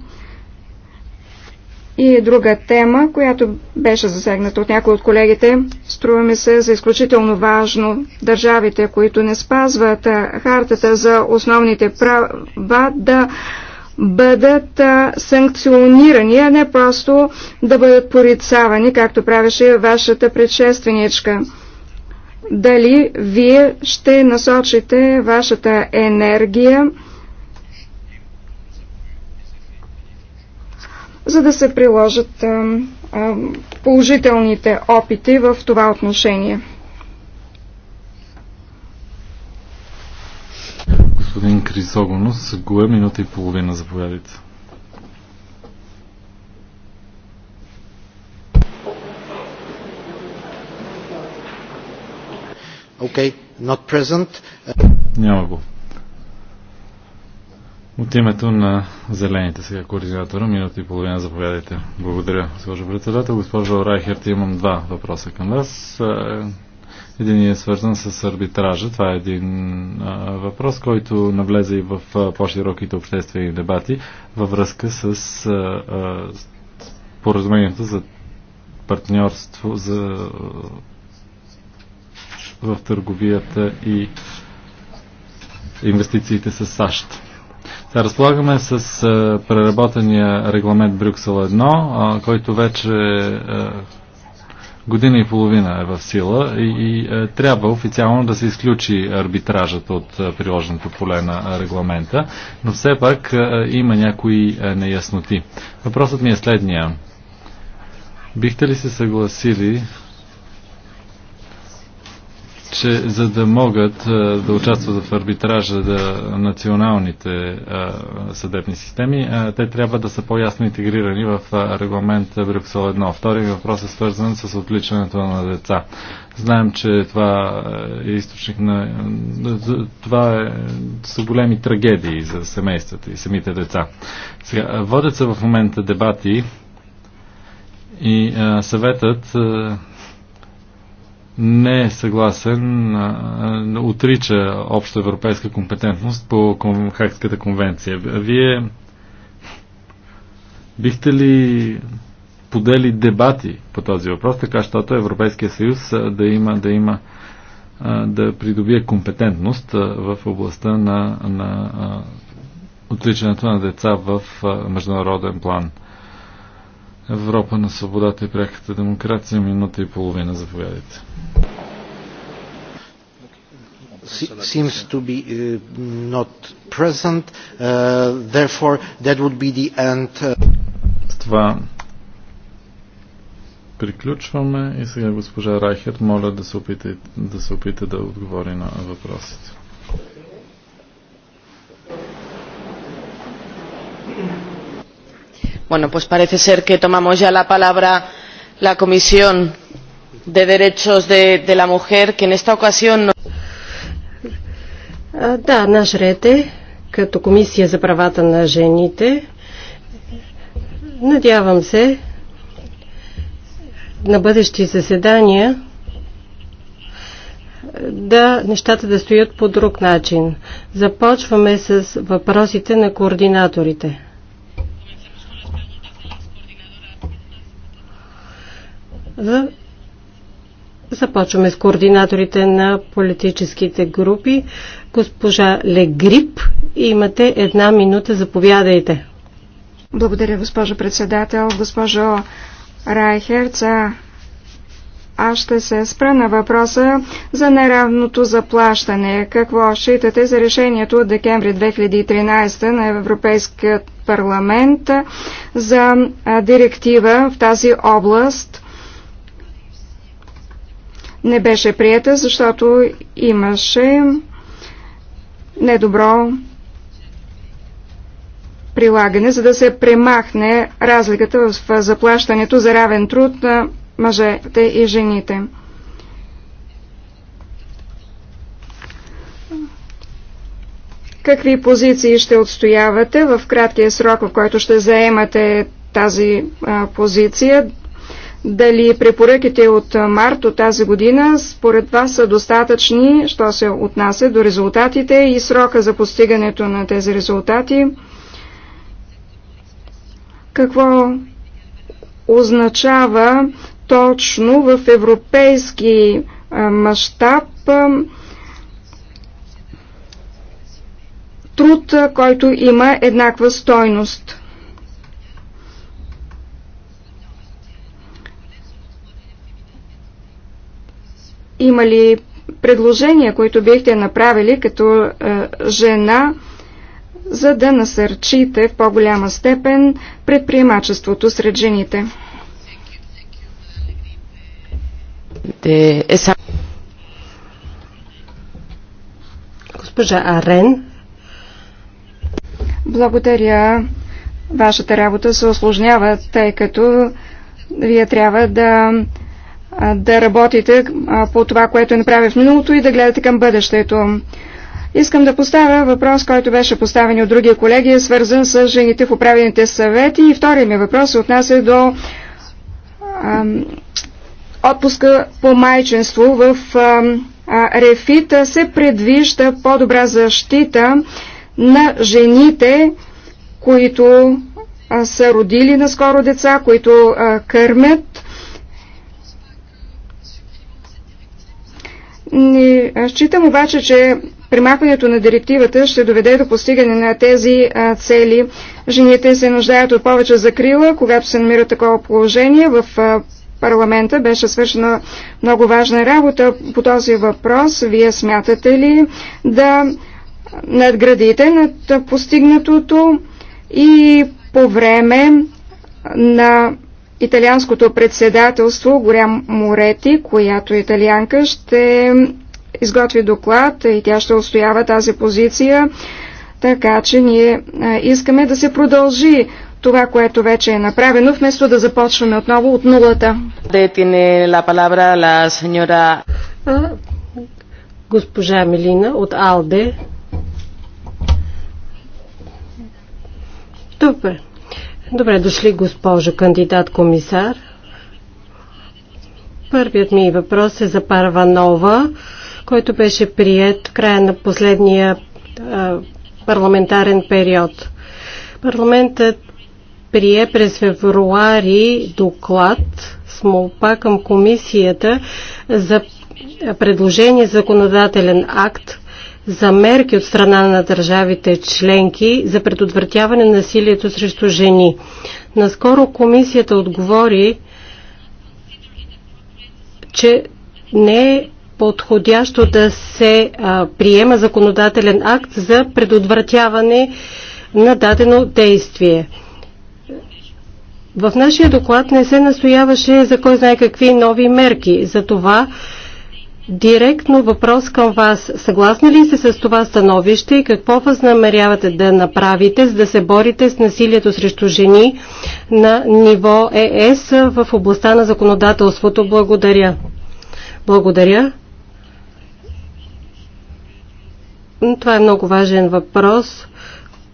И друга тема, която беше засегната от някои от колегите, струва ми се за изключително важно държавите, които не спазват хартата за основните права, да бъдат санкционирани, а не просто да бъдат порицавани, както правеше вашата предшественичка. Дали вие ще насочите вашата енергия за да се приложат положителните опити в това отношение. господин Кризогонос. Гуе минута и половина, заповядайте. Okay, not present. Няма го. От името на зелените сега координатора, минута и половина заповядайте. Благодаря, госпожо председател. Госпожо Райхерт, имам два въпроса към вас. Един е свързан с арбитража. Това е един а, въпрос, който навлезе и в по-широките обществени дебати във връзка с а, а, поразумението за партньорство за, в търговията и инвестициите с САЩ. Та разполагаме с а, преработения регламент Брюксел 1, а, който вече а, година и половина е в сила и, и е, трябва официално да се изключи арбитражът от е, приложеното поле на е, регламента, но все пак е, е, има някои е, неясноти. Въпросът ми е следния. Бихте ли се съгласили че за да могат да участват в арбитража да националните съдебни системи, те трябва да са по-ясно интегрирани в регламент Брюксел 1. Втори въпрос е свързан с отличането на деца. Знаем, че това е източник на... Това е... са големи трагедии за семействата и самите деца. Сега, водят се в момента дебати и съветът не е съгласен, отрича обща европейска компетентност по Хакската конвенция. Вие бихте ли подели дебати по този въпрос, така щото Европейския съюз да има, да има да придобие компетентност в областта на, на отличането на деца в международен план. Европа на свободата и пряката демокрация, минута и половина, заповядайте. Seems to be uh, not present, uh, therefore that would be the end. Uh. това приключваме и сега госпожа Райхерт, моля да се опита да, се опита да отговори на въпросите. Thank you. Bueno, pues parece ser que tomamos ya la palabra la Comisión de Derechos de, la Mujer, que en esta ocasión... No... Да, наш ред е като Комисия за правата на жените. Надявам се на бъдещи заседания да нещата да стоят по друг начин. Започваме с въпросите на координаторите. За... Започваме с координаторите на политическите групи. Госпожа Легрип, имате една минута, заповядайте. Благодаря, госпожо председател. Госпожо Райхерц, аз ще се спра на въпроса за неравното заплащане. Какво считате за решението от декември 2013 на Европейският парламент за директива в тази област? не беше прията, защото имаше недобро прилагане, за да се премахне разликата в заплащането за равен труд на мъжете и жените. Какви позиции ще отстоявате в краткия срок, в който ще заемате тази а, позиция? дали препоръките от март от тази година според вас са достатъчни, що се отнася до резултатите и срока за постигането на тези резултати. Какво означава точно в европейски мащаб труд, който има еднаква стойност? Има ли предложения, които бихте направили като е, жена, за да насърчите в по-голяма степен предприемачеството сред жените? Е Госпожа Арен. Благодаря. Вашата работа се осложнява, тъй като вие трябва да да работите по това, което е направи в миналото и да гледате към бъдещето. Искам да поставя въпрос, който беше поставен от другия колеги, свързан с жените в управените съвети. И втория ми въпрос се отнася до ам, отпуска по майчинство в ам, а, Рефита се предвижда по-добра защита на жените, които а, са родили наскоро деца, които а, кърмят Не считам обаче, че примахването на директивата ще доведе до постигане на тези а, цели. Жените се нуждаят от повече закрила, когато се намира такова положение. В а, парламента беше свършена много важна работа по този въпрос. Вие смятате ли да надградите над постигнатото и по време на италианското председателство Горям Морети, която е италианка ще изготви доклад и тя ще отстоява тази позиция, така че ние искаме да се продължи това, което вече е направено, вместо да започваме отново от нулата. Госпожа Милина от Алде. Добре. Добре дошли, госпожо кандидат комисар. Първият ми въпрос е за Нова, който беше прият в края на последния а, парламентарен период. Парламентът прие през февруари доклад с молба към комисията за предложение законодателен акт, за мерки от страна на държавите членки за предотвратяване на насилието срещу жени. Наскоро комисията отговори, че не е подходящо да се а, приема законодателен акт за предотвратяване на дадено действие. В нашия доклад не се настояваше за кой знае какви нови мерки. За това Директно въпрос към вас. Съгласни ли сте с това становище и какво възнамерявате да направите, за да се борите с насилието срещу жени на ниво ЕС в областта на законодателството? Благодаря. Благодаря. Това е много важен въпрос,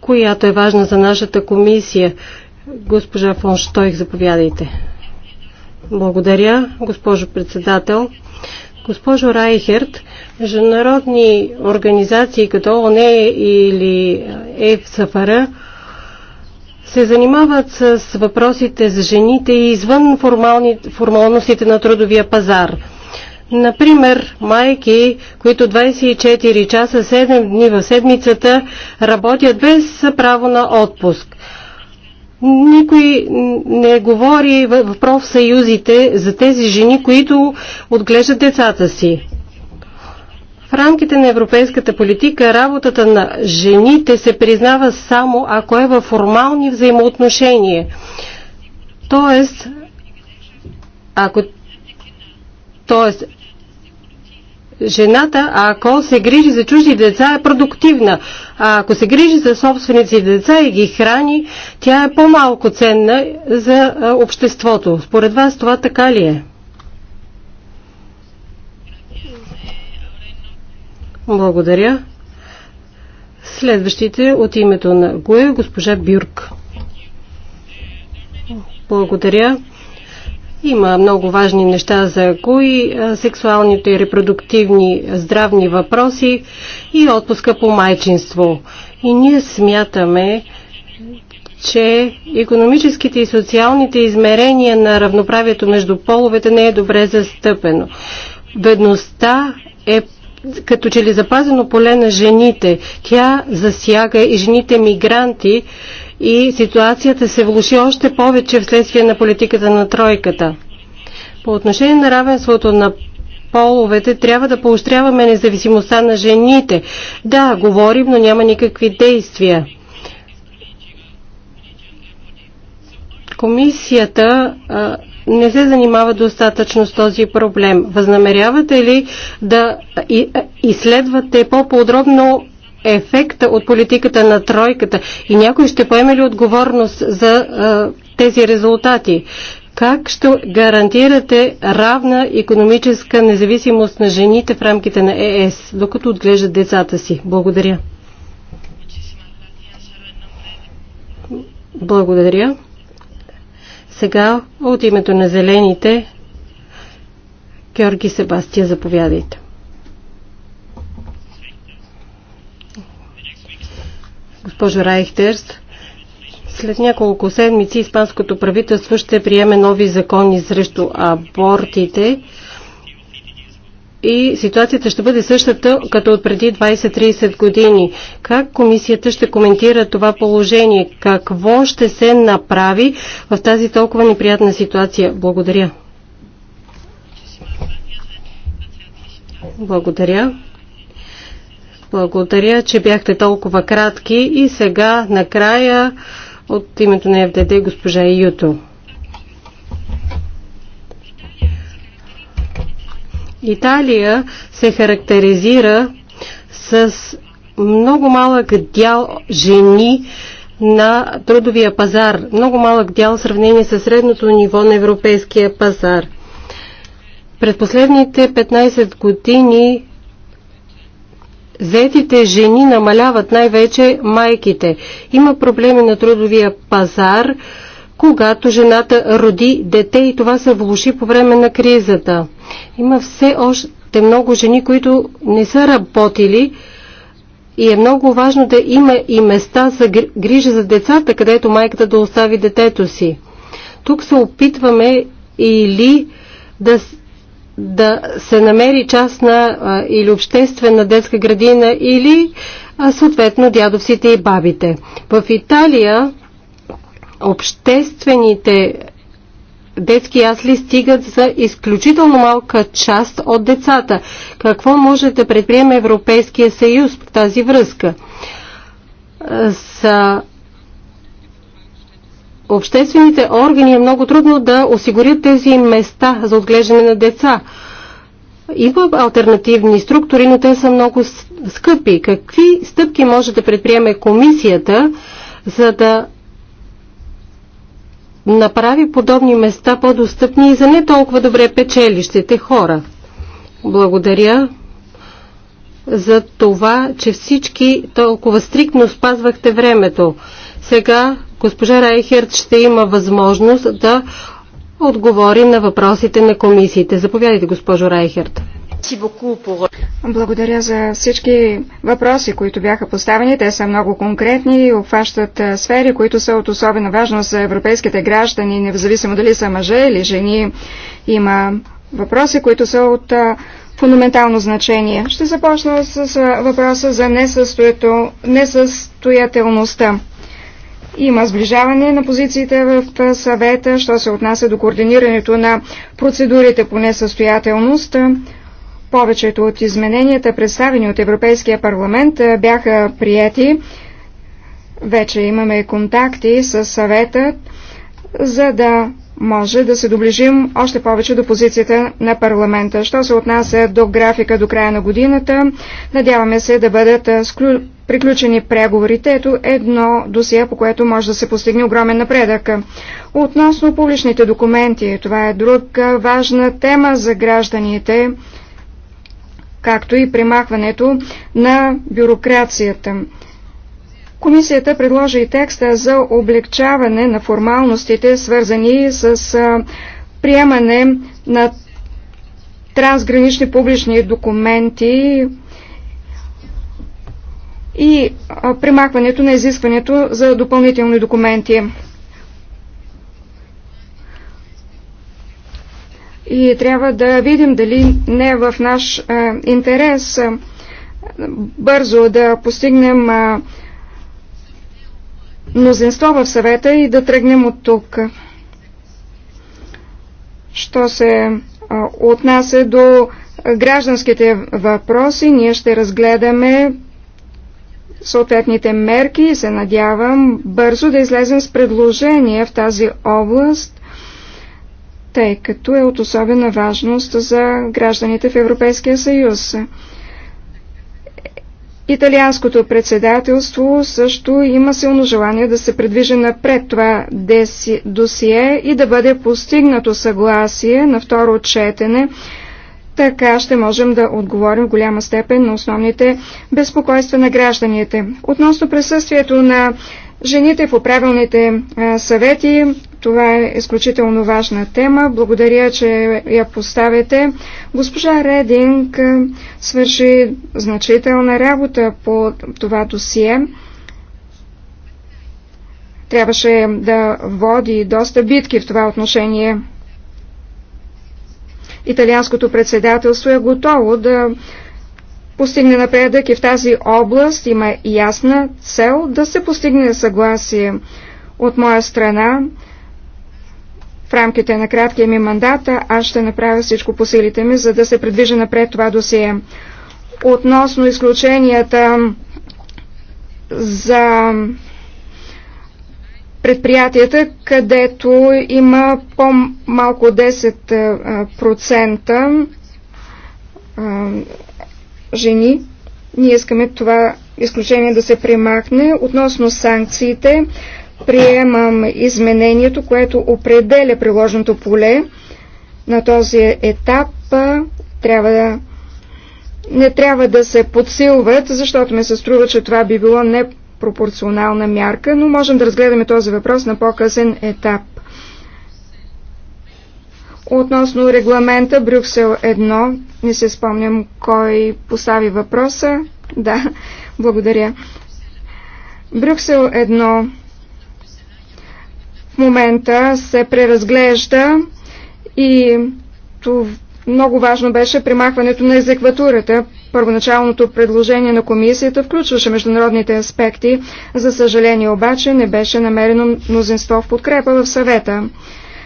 която е важна за нашата комисия. Госпожа Фон, Штойх, заповядайте. Благодаря, госпожо председател. Госпожо Райхерт, международни организации като ОНЕ или ЕФСФР се занимават с въпросите за жените и извън формални, формалностите на трудовия пазар. Например, майки, които 24 часа 7 дни в седмицата работят без право на отпуск. Никой не говори в профсъюзите за тези жени, които отглеждат децата си. В рамките на европейската политика работата на жените се признава само ако е във формални взаимоотношения. Тоест, ако Тоест, Жената, ако се грижи за чужди деца, е продуктивна. А ако се грижи за собственици деца и ги храни, тя е по-малко ценна за обществото. Според вас това така ли е? Благодаря. Следващите от името на ГУЕ, госпожа Бюрк. Благодаря. Има много важни неща за кои сексуалните и репродуктивни здравни въпроси и отпуска по майчинство. И ние смятаме, че економическите и социалните измерения на равноправието между половете не е добре застъпено. Бедността е като че ли запазено поле на жените. Тя засяга и жените мигранти и ситуацията се влуши още повече вследствие на политиката на тройката. По отношение на равенството на половете трябва да поощряваме независимостта на жените. Да, говорим, но няма никакви действия. Комисията а, не се занимава достатъчно с този проблем. Възнамерявате ли да изследвате по-подробно ефекта от политиката на тройката и някой ще поеме ли отговорност за а, тези резултати? Как ще гарантирате равна економическа независимост на жените в рамките на ЕС, докато отглеждат децата си? Благодаря. Благодаря. Сега от името на зелените Георги Себастия, заповядайте. Госпожо Райхтерс, след няколко седмици испанското правителство ще приеме нови закони срещу абортите и ситуацията ще бъде същата като от преди 20-30 години. Как комисията ще коментира това положение? Какво ще се направи в тази толкова неприятна ситуация? Благодаря. Благодаря. Благодаря, че бяхте толкова кратки и сега накрая от името на ФДД госпожа Юто. Италия се характеризира с много малък дял жени на трудовия пазар. Много малък дял в сравнение с средното ниво на европейския пазар. През последните 15 години Заетите жени намаляват най-вече майките. Има проблеми на трудовия пазар, когато жената роди дете и това се влуши по време на кризата. Има все още много жени, които не са работили и е много важно да има и места за грижа за децата, където майката да остави детето си. Тук се опитваме или да да се намери частна а, или обществена детска градина или а, съответно дядовците и бабите. В Италия обществените детски ясли стигат за изключително малка част от децата. Какво може да предприеме Европейския съюз в тази връзка? С обществените органи е много трудно да осигурят тези места за отглеждане на деца. Има альтернативни структури, но те са много скъпи. Какви стъпки може да предприеме комисията, за да направи подобни места по-достъпни и за не толкова добре печелищите хора? Благодаря за това, че всички толкова стриктно спазвахте времето. Сега Госпожа Райхерт ще има възможност да отговори на въпросите на комисиите. Заповядайте, госпожо Райхерт. Благодаря за всички въпроси, които бяха поставени. Те са много конкретни и обхващат сфери, които са от особена важност за европейските граждани, независимо дали са мъже или жени. Има въпроси, които са от фундаментално значение. Ще започна с въпроса за несъстоятелността. Има сближаване на позициите в съвета, що се отнася до координирането на процедурите по несъстоятелност. Повечето от измененията, представени от Европейския парламент, е, бяха приети. Вече имаме контакти с съвета, за да може да се доближим още повече до позицията на парламента. Що се отнася до графика до края на годината, надяваме се да бъдат склю... приключени преговорите. Ето едно досие, по което може да се постигне огромен напредък. Относно публичните документи, това е друга важна тема за гражданите, както и примахването на бюрокрацията. Комисията предложи и текста за облегчаване на формалностите, свързани с приемане на трансгранични публични документи и примахването на изискването за допълнителни документи. И трябва да видим дали не е в наш интерес бързо да постигнем мнозинство в съвета и да тръгнем от тук. Що се отнася до гражданските въпроси, ние ще разгледаме съответните мерки и се надявам бързо да излезем с предложение в тази област, тъй като е от особена важност за гражданите в Европейския съюз. Италианското председателство също има силно желание да се предвижи напред това досие и да бъде постигнато съгласие на второ четене. Така ще можем да отговорим в голяма степен на основните безпокойства на гражданите. Относно присъствието на Жените по правилните съвети, това е изключително важна тема. Благодаря, че я поставяте. Госпожа Рединг свърши значителна работа по това досие. Трябваше да води доста битки в това отношение. Италианското председателство е готово да постигне напредък и в тази област има ясна цел да се постигне съгласие от моя страна. В рамките на краткия ми мандат аз ще направя всичко по силите ми, за да се предвижи напред това досие. Относно изключенията за предприятията, където има по-малко 10% жени. Ние искаме това изключение да се премахне. Относно санкциите, приемам изменението, което определя приложното поле. На този етап трябва да не трябва да се подсилват, защото ме се струва, че това би било непропорционална мярка, но можем да разгледаме този въпрос на по-късен етап. Относно регламента Брюксел 1, не се спомням кой постави въпроса. Да, благодаря. Брюксел 1 в момента се преразглежда и това много важно беше примахването на екватурата. Първоначалното предложение на комисията включваше международните аспекти. За съжаление обаче не беше намерено мнозинство в подкрепа в съвета.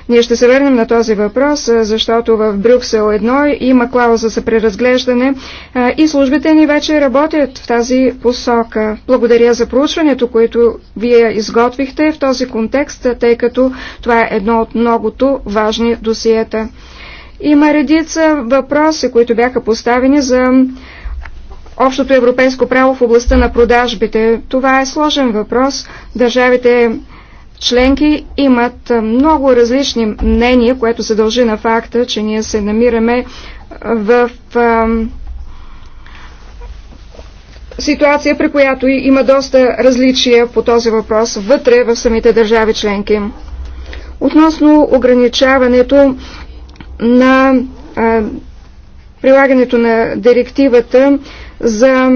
Ние ще се върнем на този въпрос, защото в Брюксел 1 има клауза за преразглеждане и службите ни вече работят в тази посока. Благодаря за проучването, което вие изготвихте в този контекст, тъй като това е едно от многото важни досиета. Има редица въпроси, които бяха поставени за общото европейско право в областта на продажбите. Това е сложен въпрос. Държавите членки имат много различни мнения, което се дължи на факта, че ние се намираме в ситуация, при която има доста различия по този въпрос вътре в самите държави членки. Относно ограничаването на а, прилагането на директивата за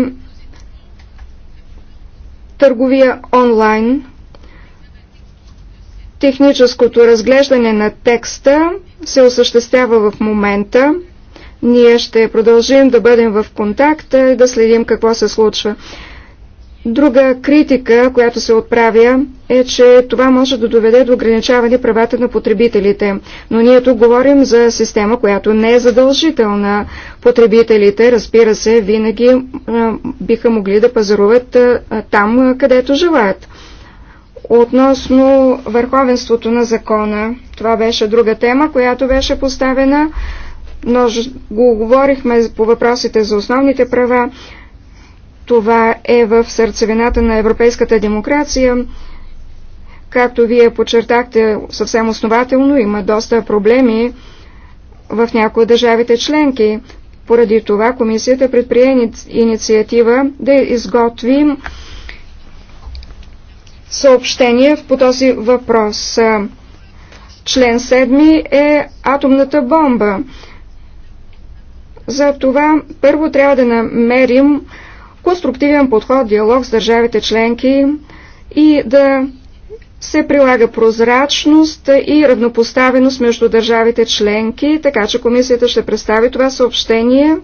търговия онлайн, Техническото разглеждане на текста се осъществява в момента. Ние ще продължим да бъдем в контакт и да следим какво се случва. Друга критика, която се отправя, е, че това може да доведе до ограничаване правата на потребителите. Но ние тук говорим за система, която не е задължителна. Потребителите, разбира се, винаги биха могли да пазаруват там, където желаят относно върховенството на закона. Това беше друга тема, която беше поставена. но го говорихме по въпросите за основните права. Това е в сърцевината на европейската демокрация. Както вие подчертахте съвсем основателно, има доста проблеми в някои от държавите членки. Поради това комисията предприе инициатива да изготвим Съобщения по този въпрос. Член 7 е атомната бомба. За това първо трябва да намерим конструктивен подход, диалог с държавите членки и да се прилага прозрачност и равнопоставеност между държавите членки, така че комисията ще представи това съобщение.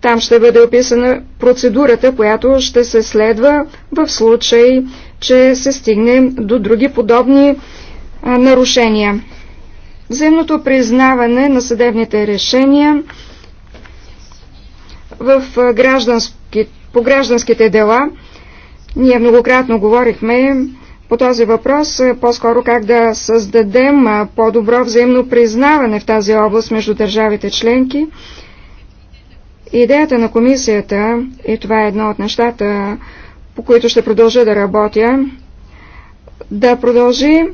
Там ще бъде описана процедурата, която ще се следва в случай, че се стигне до други подобни нарушения. Взаимното признаване на съдебните решения в граждански, по гражданските дела. Ние многократно говорихме по този въпрос, по-скоро как да създадем по-добро взаимно признаване в тази област между държавите членки. Идеята на комисията, и това е едно от нещата, по които ще продължа да работя, да продължи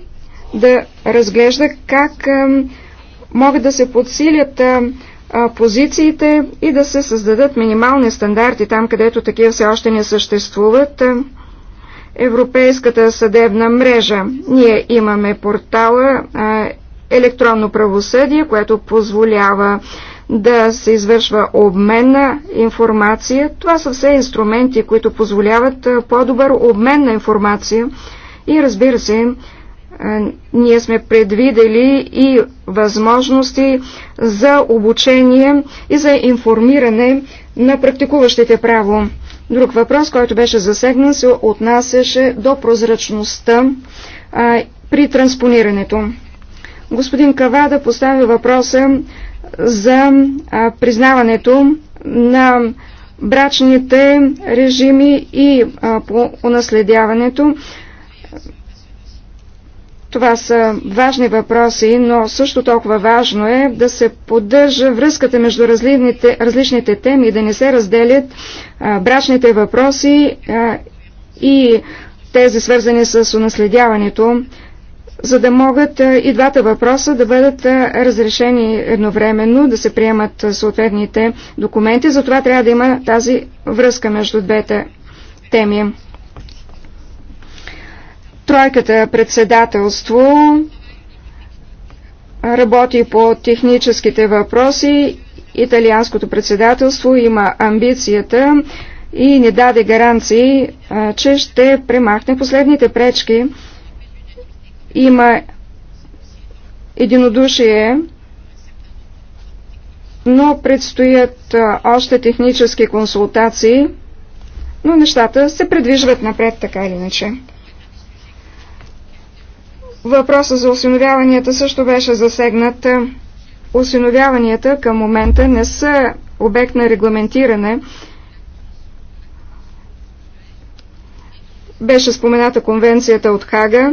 да разглежда как могат да се подсилят позициите и да се създадат минимални стандарти там, където такива все още не съществуват. Европейската съдебна мрежа. Ние имаме портала електронно правосъдие, което позволява да се извършва обмен на информация. Това са все инструменти, които позволяват по-добър обмен на информация и разбира се, ние сме предвидели и възможности за обучение и за информиране на практикуващите право. Друг въпрос, който беше засегнан, се отнасяше до прозрачността а, при транспонирането. Господин Кавада постави въпроса за признаването на брачните режими и по унаследяването. Това са важни въпроси, но също толкова важно е да се поддържа връзката между различните теми, да не се разделят а, брачните въпроси а, и тези свързани с унаследяването за да могат е, и двата въпроса да бъдат е, разрешени едновременно, да се приемат е, съответните документи. Затова трябва да има тази връзка между двете теми. Тройката председателство работи по техническите въпроси. Италианското председателство има амбицията и ни даде гаранции, че ще премахне последните пречки има единодушие, но предстоят още технически консултации, но нещата се предвижват напред така или иначе. Въпросът за осиновяванията също беше засегнат. Осиновяванията към момента не са обект на регламентиране. Беше спомената конвенцията от Хага,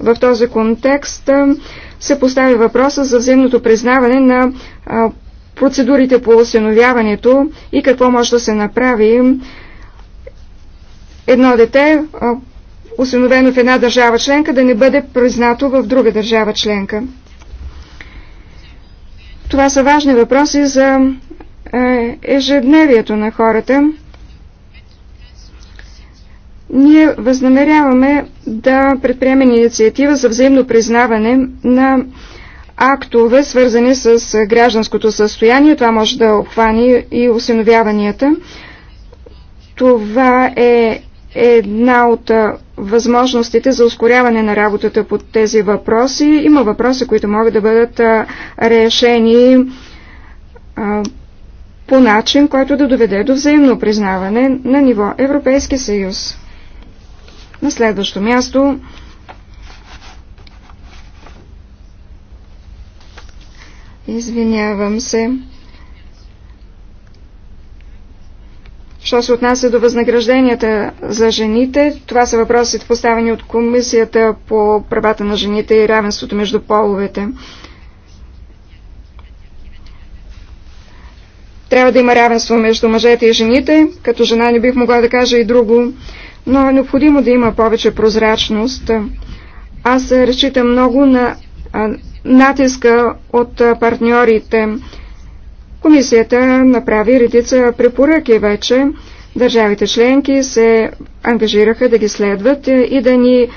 в този контекст се постави въпроса за взаимното признаване на процедурите по осиновяването и какво може да се направи едно дете, осиновено в една държава членка, да не бъде признато в друга държава членка. Това са важни въпроси за ежедневието на хората. Ние възнамеряваме да предприемем инициатива за взаимно признаване на актове, свързани с гражданското състояние. Това може да обхване и осиновяванията. Това е една от възможностите за ускоряване на работата по тези въпроси. Има въпроси, които могат да бъдат решени по начин, който да доведе до взаимно признаване на ниво Европейски съюз. На следващо място Извинявам се. Що се отнася до възнагражденията за жените, това са въпросите поставени от Комисията по правата на жените и равенството между половете. Трябва да има равенство между мъжете и жените. Като жена не бих могла да кажа и друго но е необходимо да има повече прозрачност. Аз разчитам много на натиска от партньорите. Комисията направи редица препоръки вече. Държавите членки се ангажираха да ги следват и да ни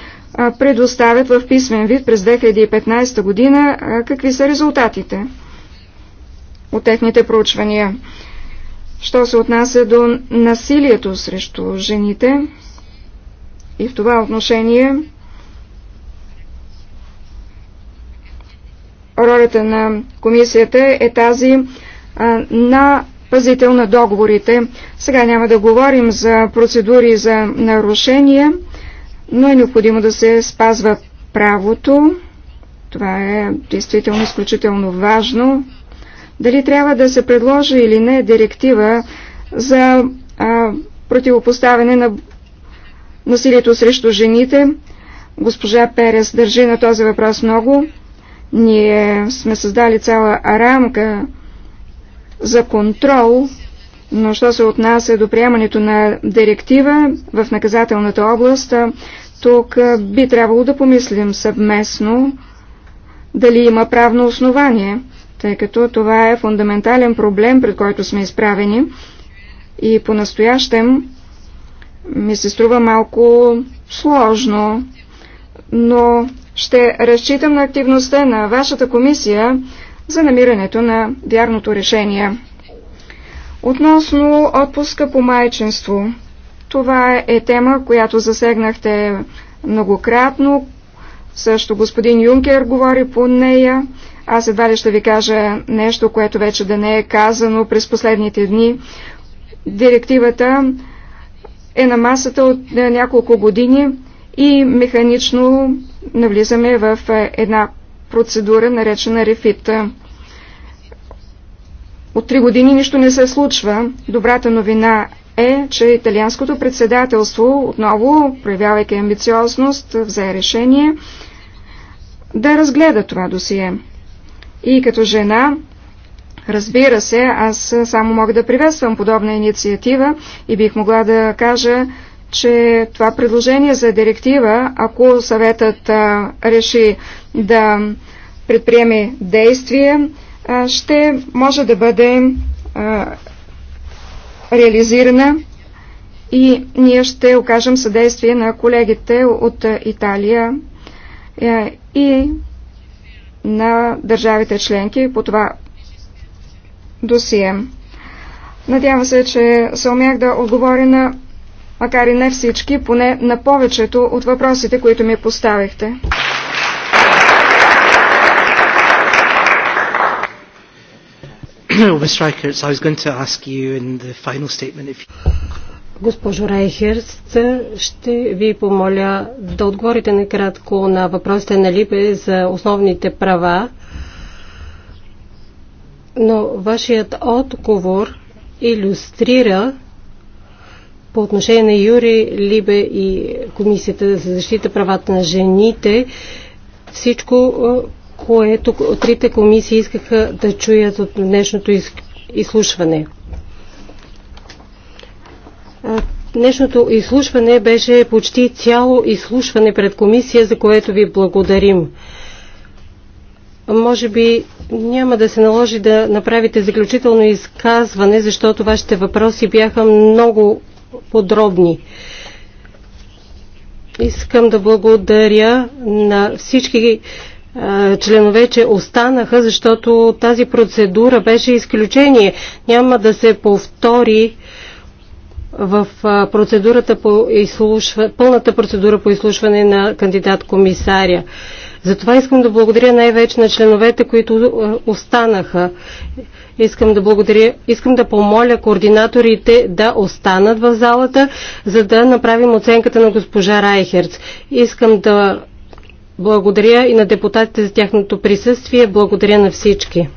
предоставят в писмен вид през 2015 година какви са резултатите от техните проучвания. Що се отнася до насилието срещу жените, и в това отношение ролята на комисията е тази а, на пазител на договорите. Сега няма да говорим за процедури за нарушения, но е необходимо да се спазва правото. Това е действително изключително важно. Дали трябва да се предложи или не директива за а, противопоставяне на насилието срещу жените. Госпожа Перес държи на този въпрос много. Ние сме създали цяла рамка за контрол, но що се отнася до приемането на директива в наказателната област, тук би трябвало да помислим съвместно дали има правно основание, тъй като това е фундаментален проблем, пред който сме изправени и по-настоящем ми се струва малко сложно, но ще разчитам на активността на вашата комисия за намирането на вярното решение. Относно отпуска по майчинство. Това е тема, която засегнахте многократно. Също господин Юнкер говори по нея. Аз едва ли ще ви кажа нещо, което вече да не е казано през последните дни. Директивата е на масата от е, няколко години и механично навлизаме в е, една процедура, наречена рефит. От три години нищо не се случва. Добрата новина е, че италианското председателство отново, проявявайки амбициозност, взе решение да разгледа това досие. И като жена Разбира се, аз само мога да приветствам подобна инициатива и бих могла да кажа, че това предложение за директива, ако съветът а, реши да предприеме действие, а, ще може да бъде а, реализирана и ние ще окажем съдействие на колегите от Италия е, и на държавите членки по това досие. Надявам се, че се умях да отговоря на, макар и не всички, поне на повечето от въпросите, които ми поставихте. Госпожо Рейхерст, ще ви помоля да отговорите накратко на въпросите на Либе за основните права но вашият отговор иллюстрира по отношение на Юри, Либе и Комисията за защита правата на жените всичко, което трите комисии искаха да чуят от днешното изслушване. Днешното изслушване беше почти цяло изслушване пред комисия, за което ви благодарим. Може би няма да се наложи да направите заключително изказване, защото вашите въпроси бяха много подробни. Искам да благодаря на всички членове, че останаха, защото тази процедура беше изключение. Няма да се повтори в процедурата по изслушване, пълната процедура по изслушване на кандидат комисаря. Затова искам да благодаря най-вече на членовете, които е, останаха. Искам да благодаря, искам да помоля координаторите да останат в залата, за да направим оценката на госпожа Райхерц. Искам да благодаря и на депутатите за тяхното присъствие. Благодаря на всички.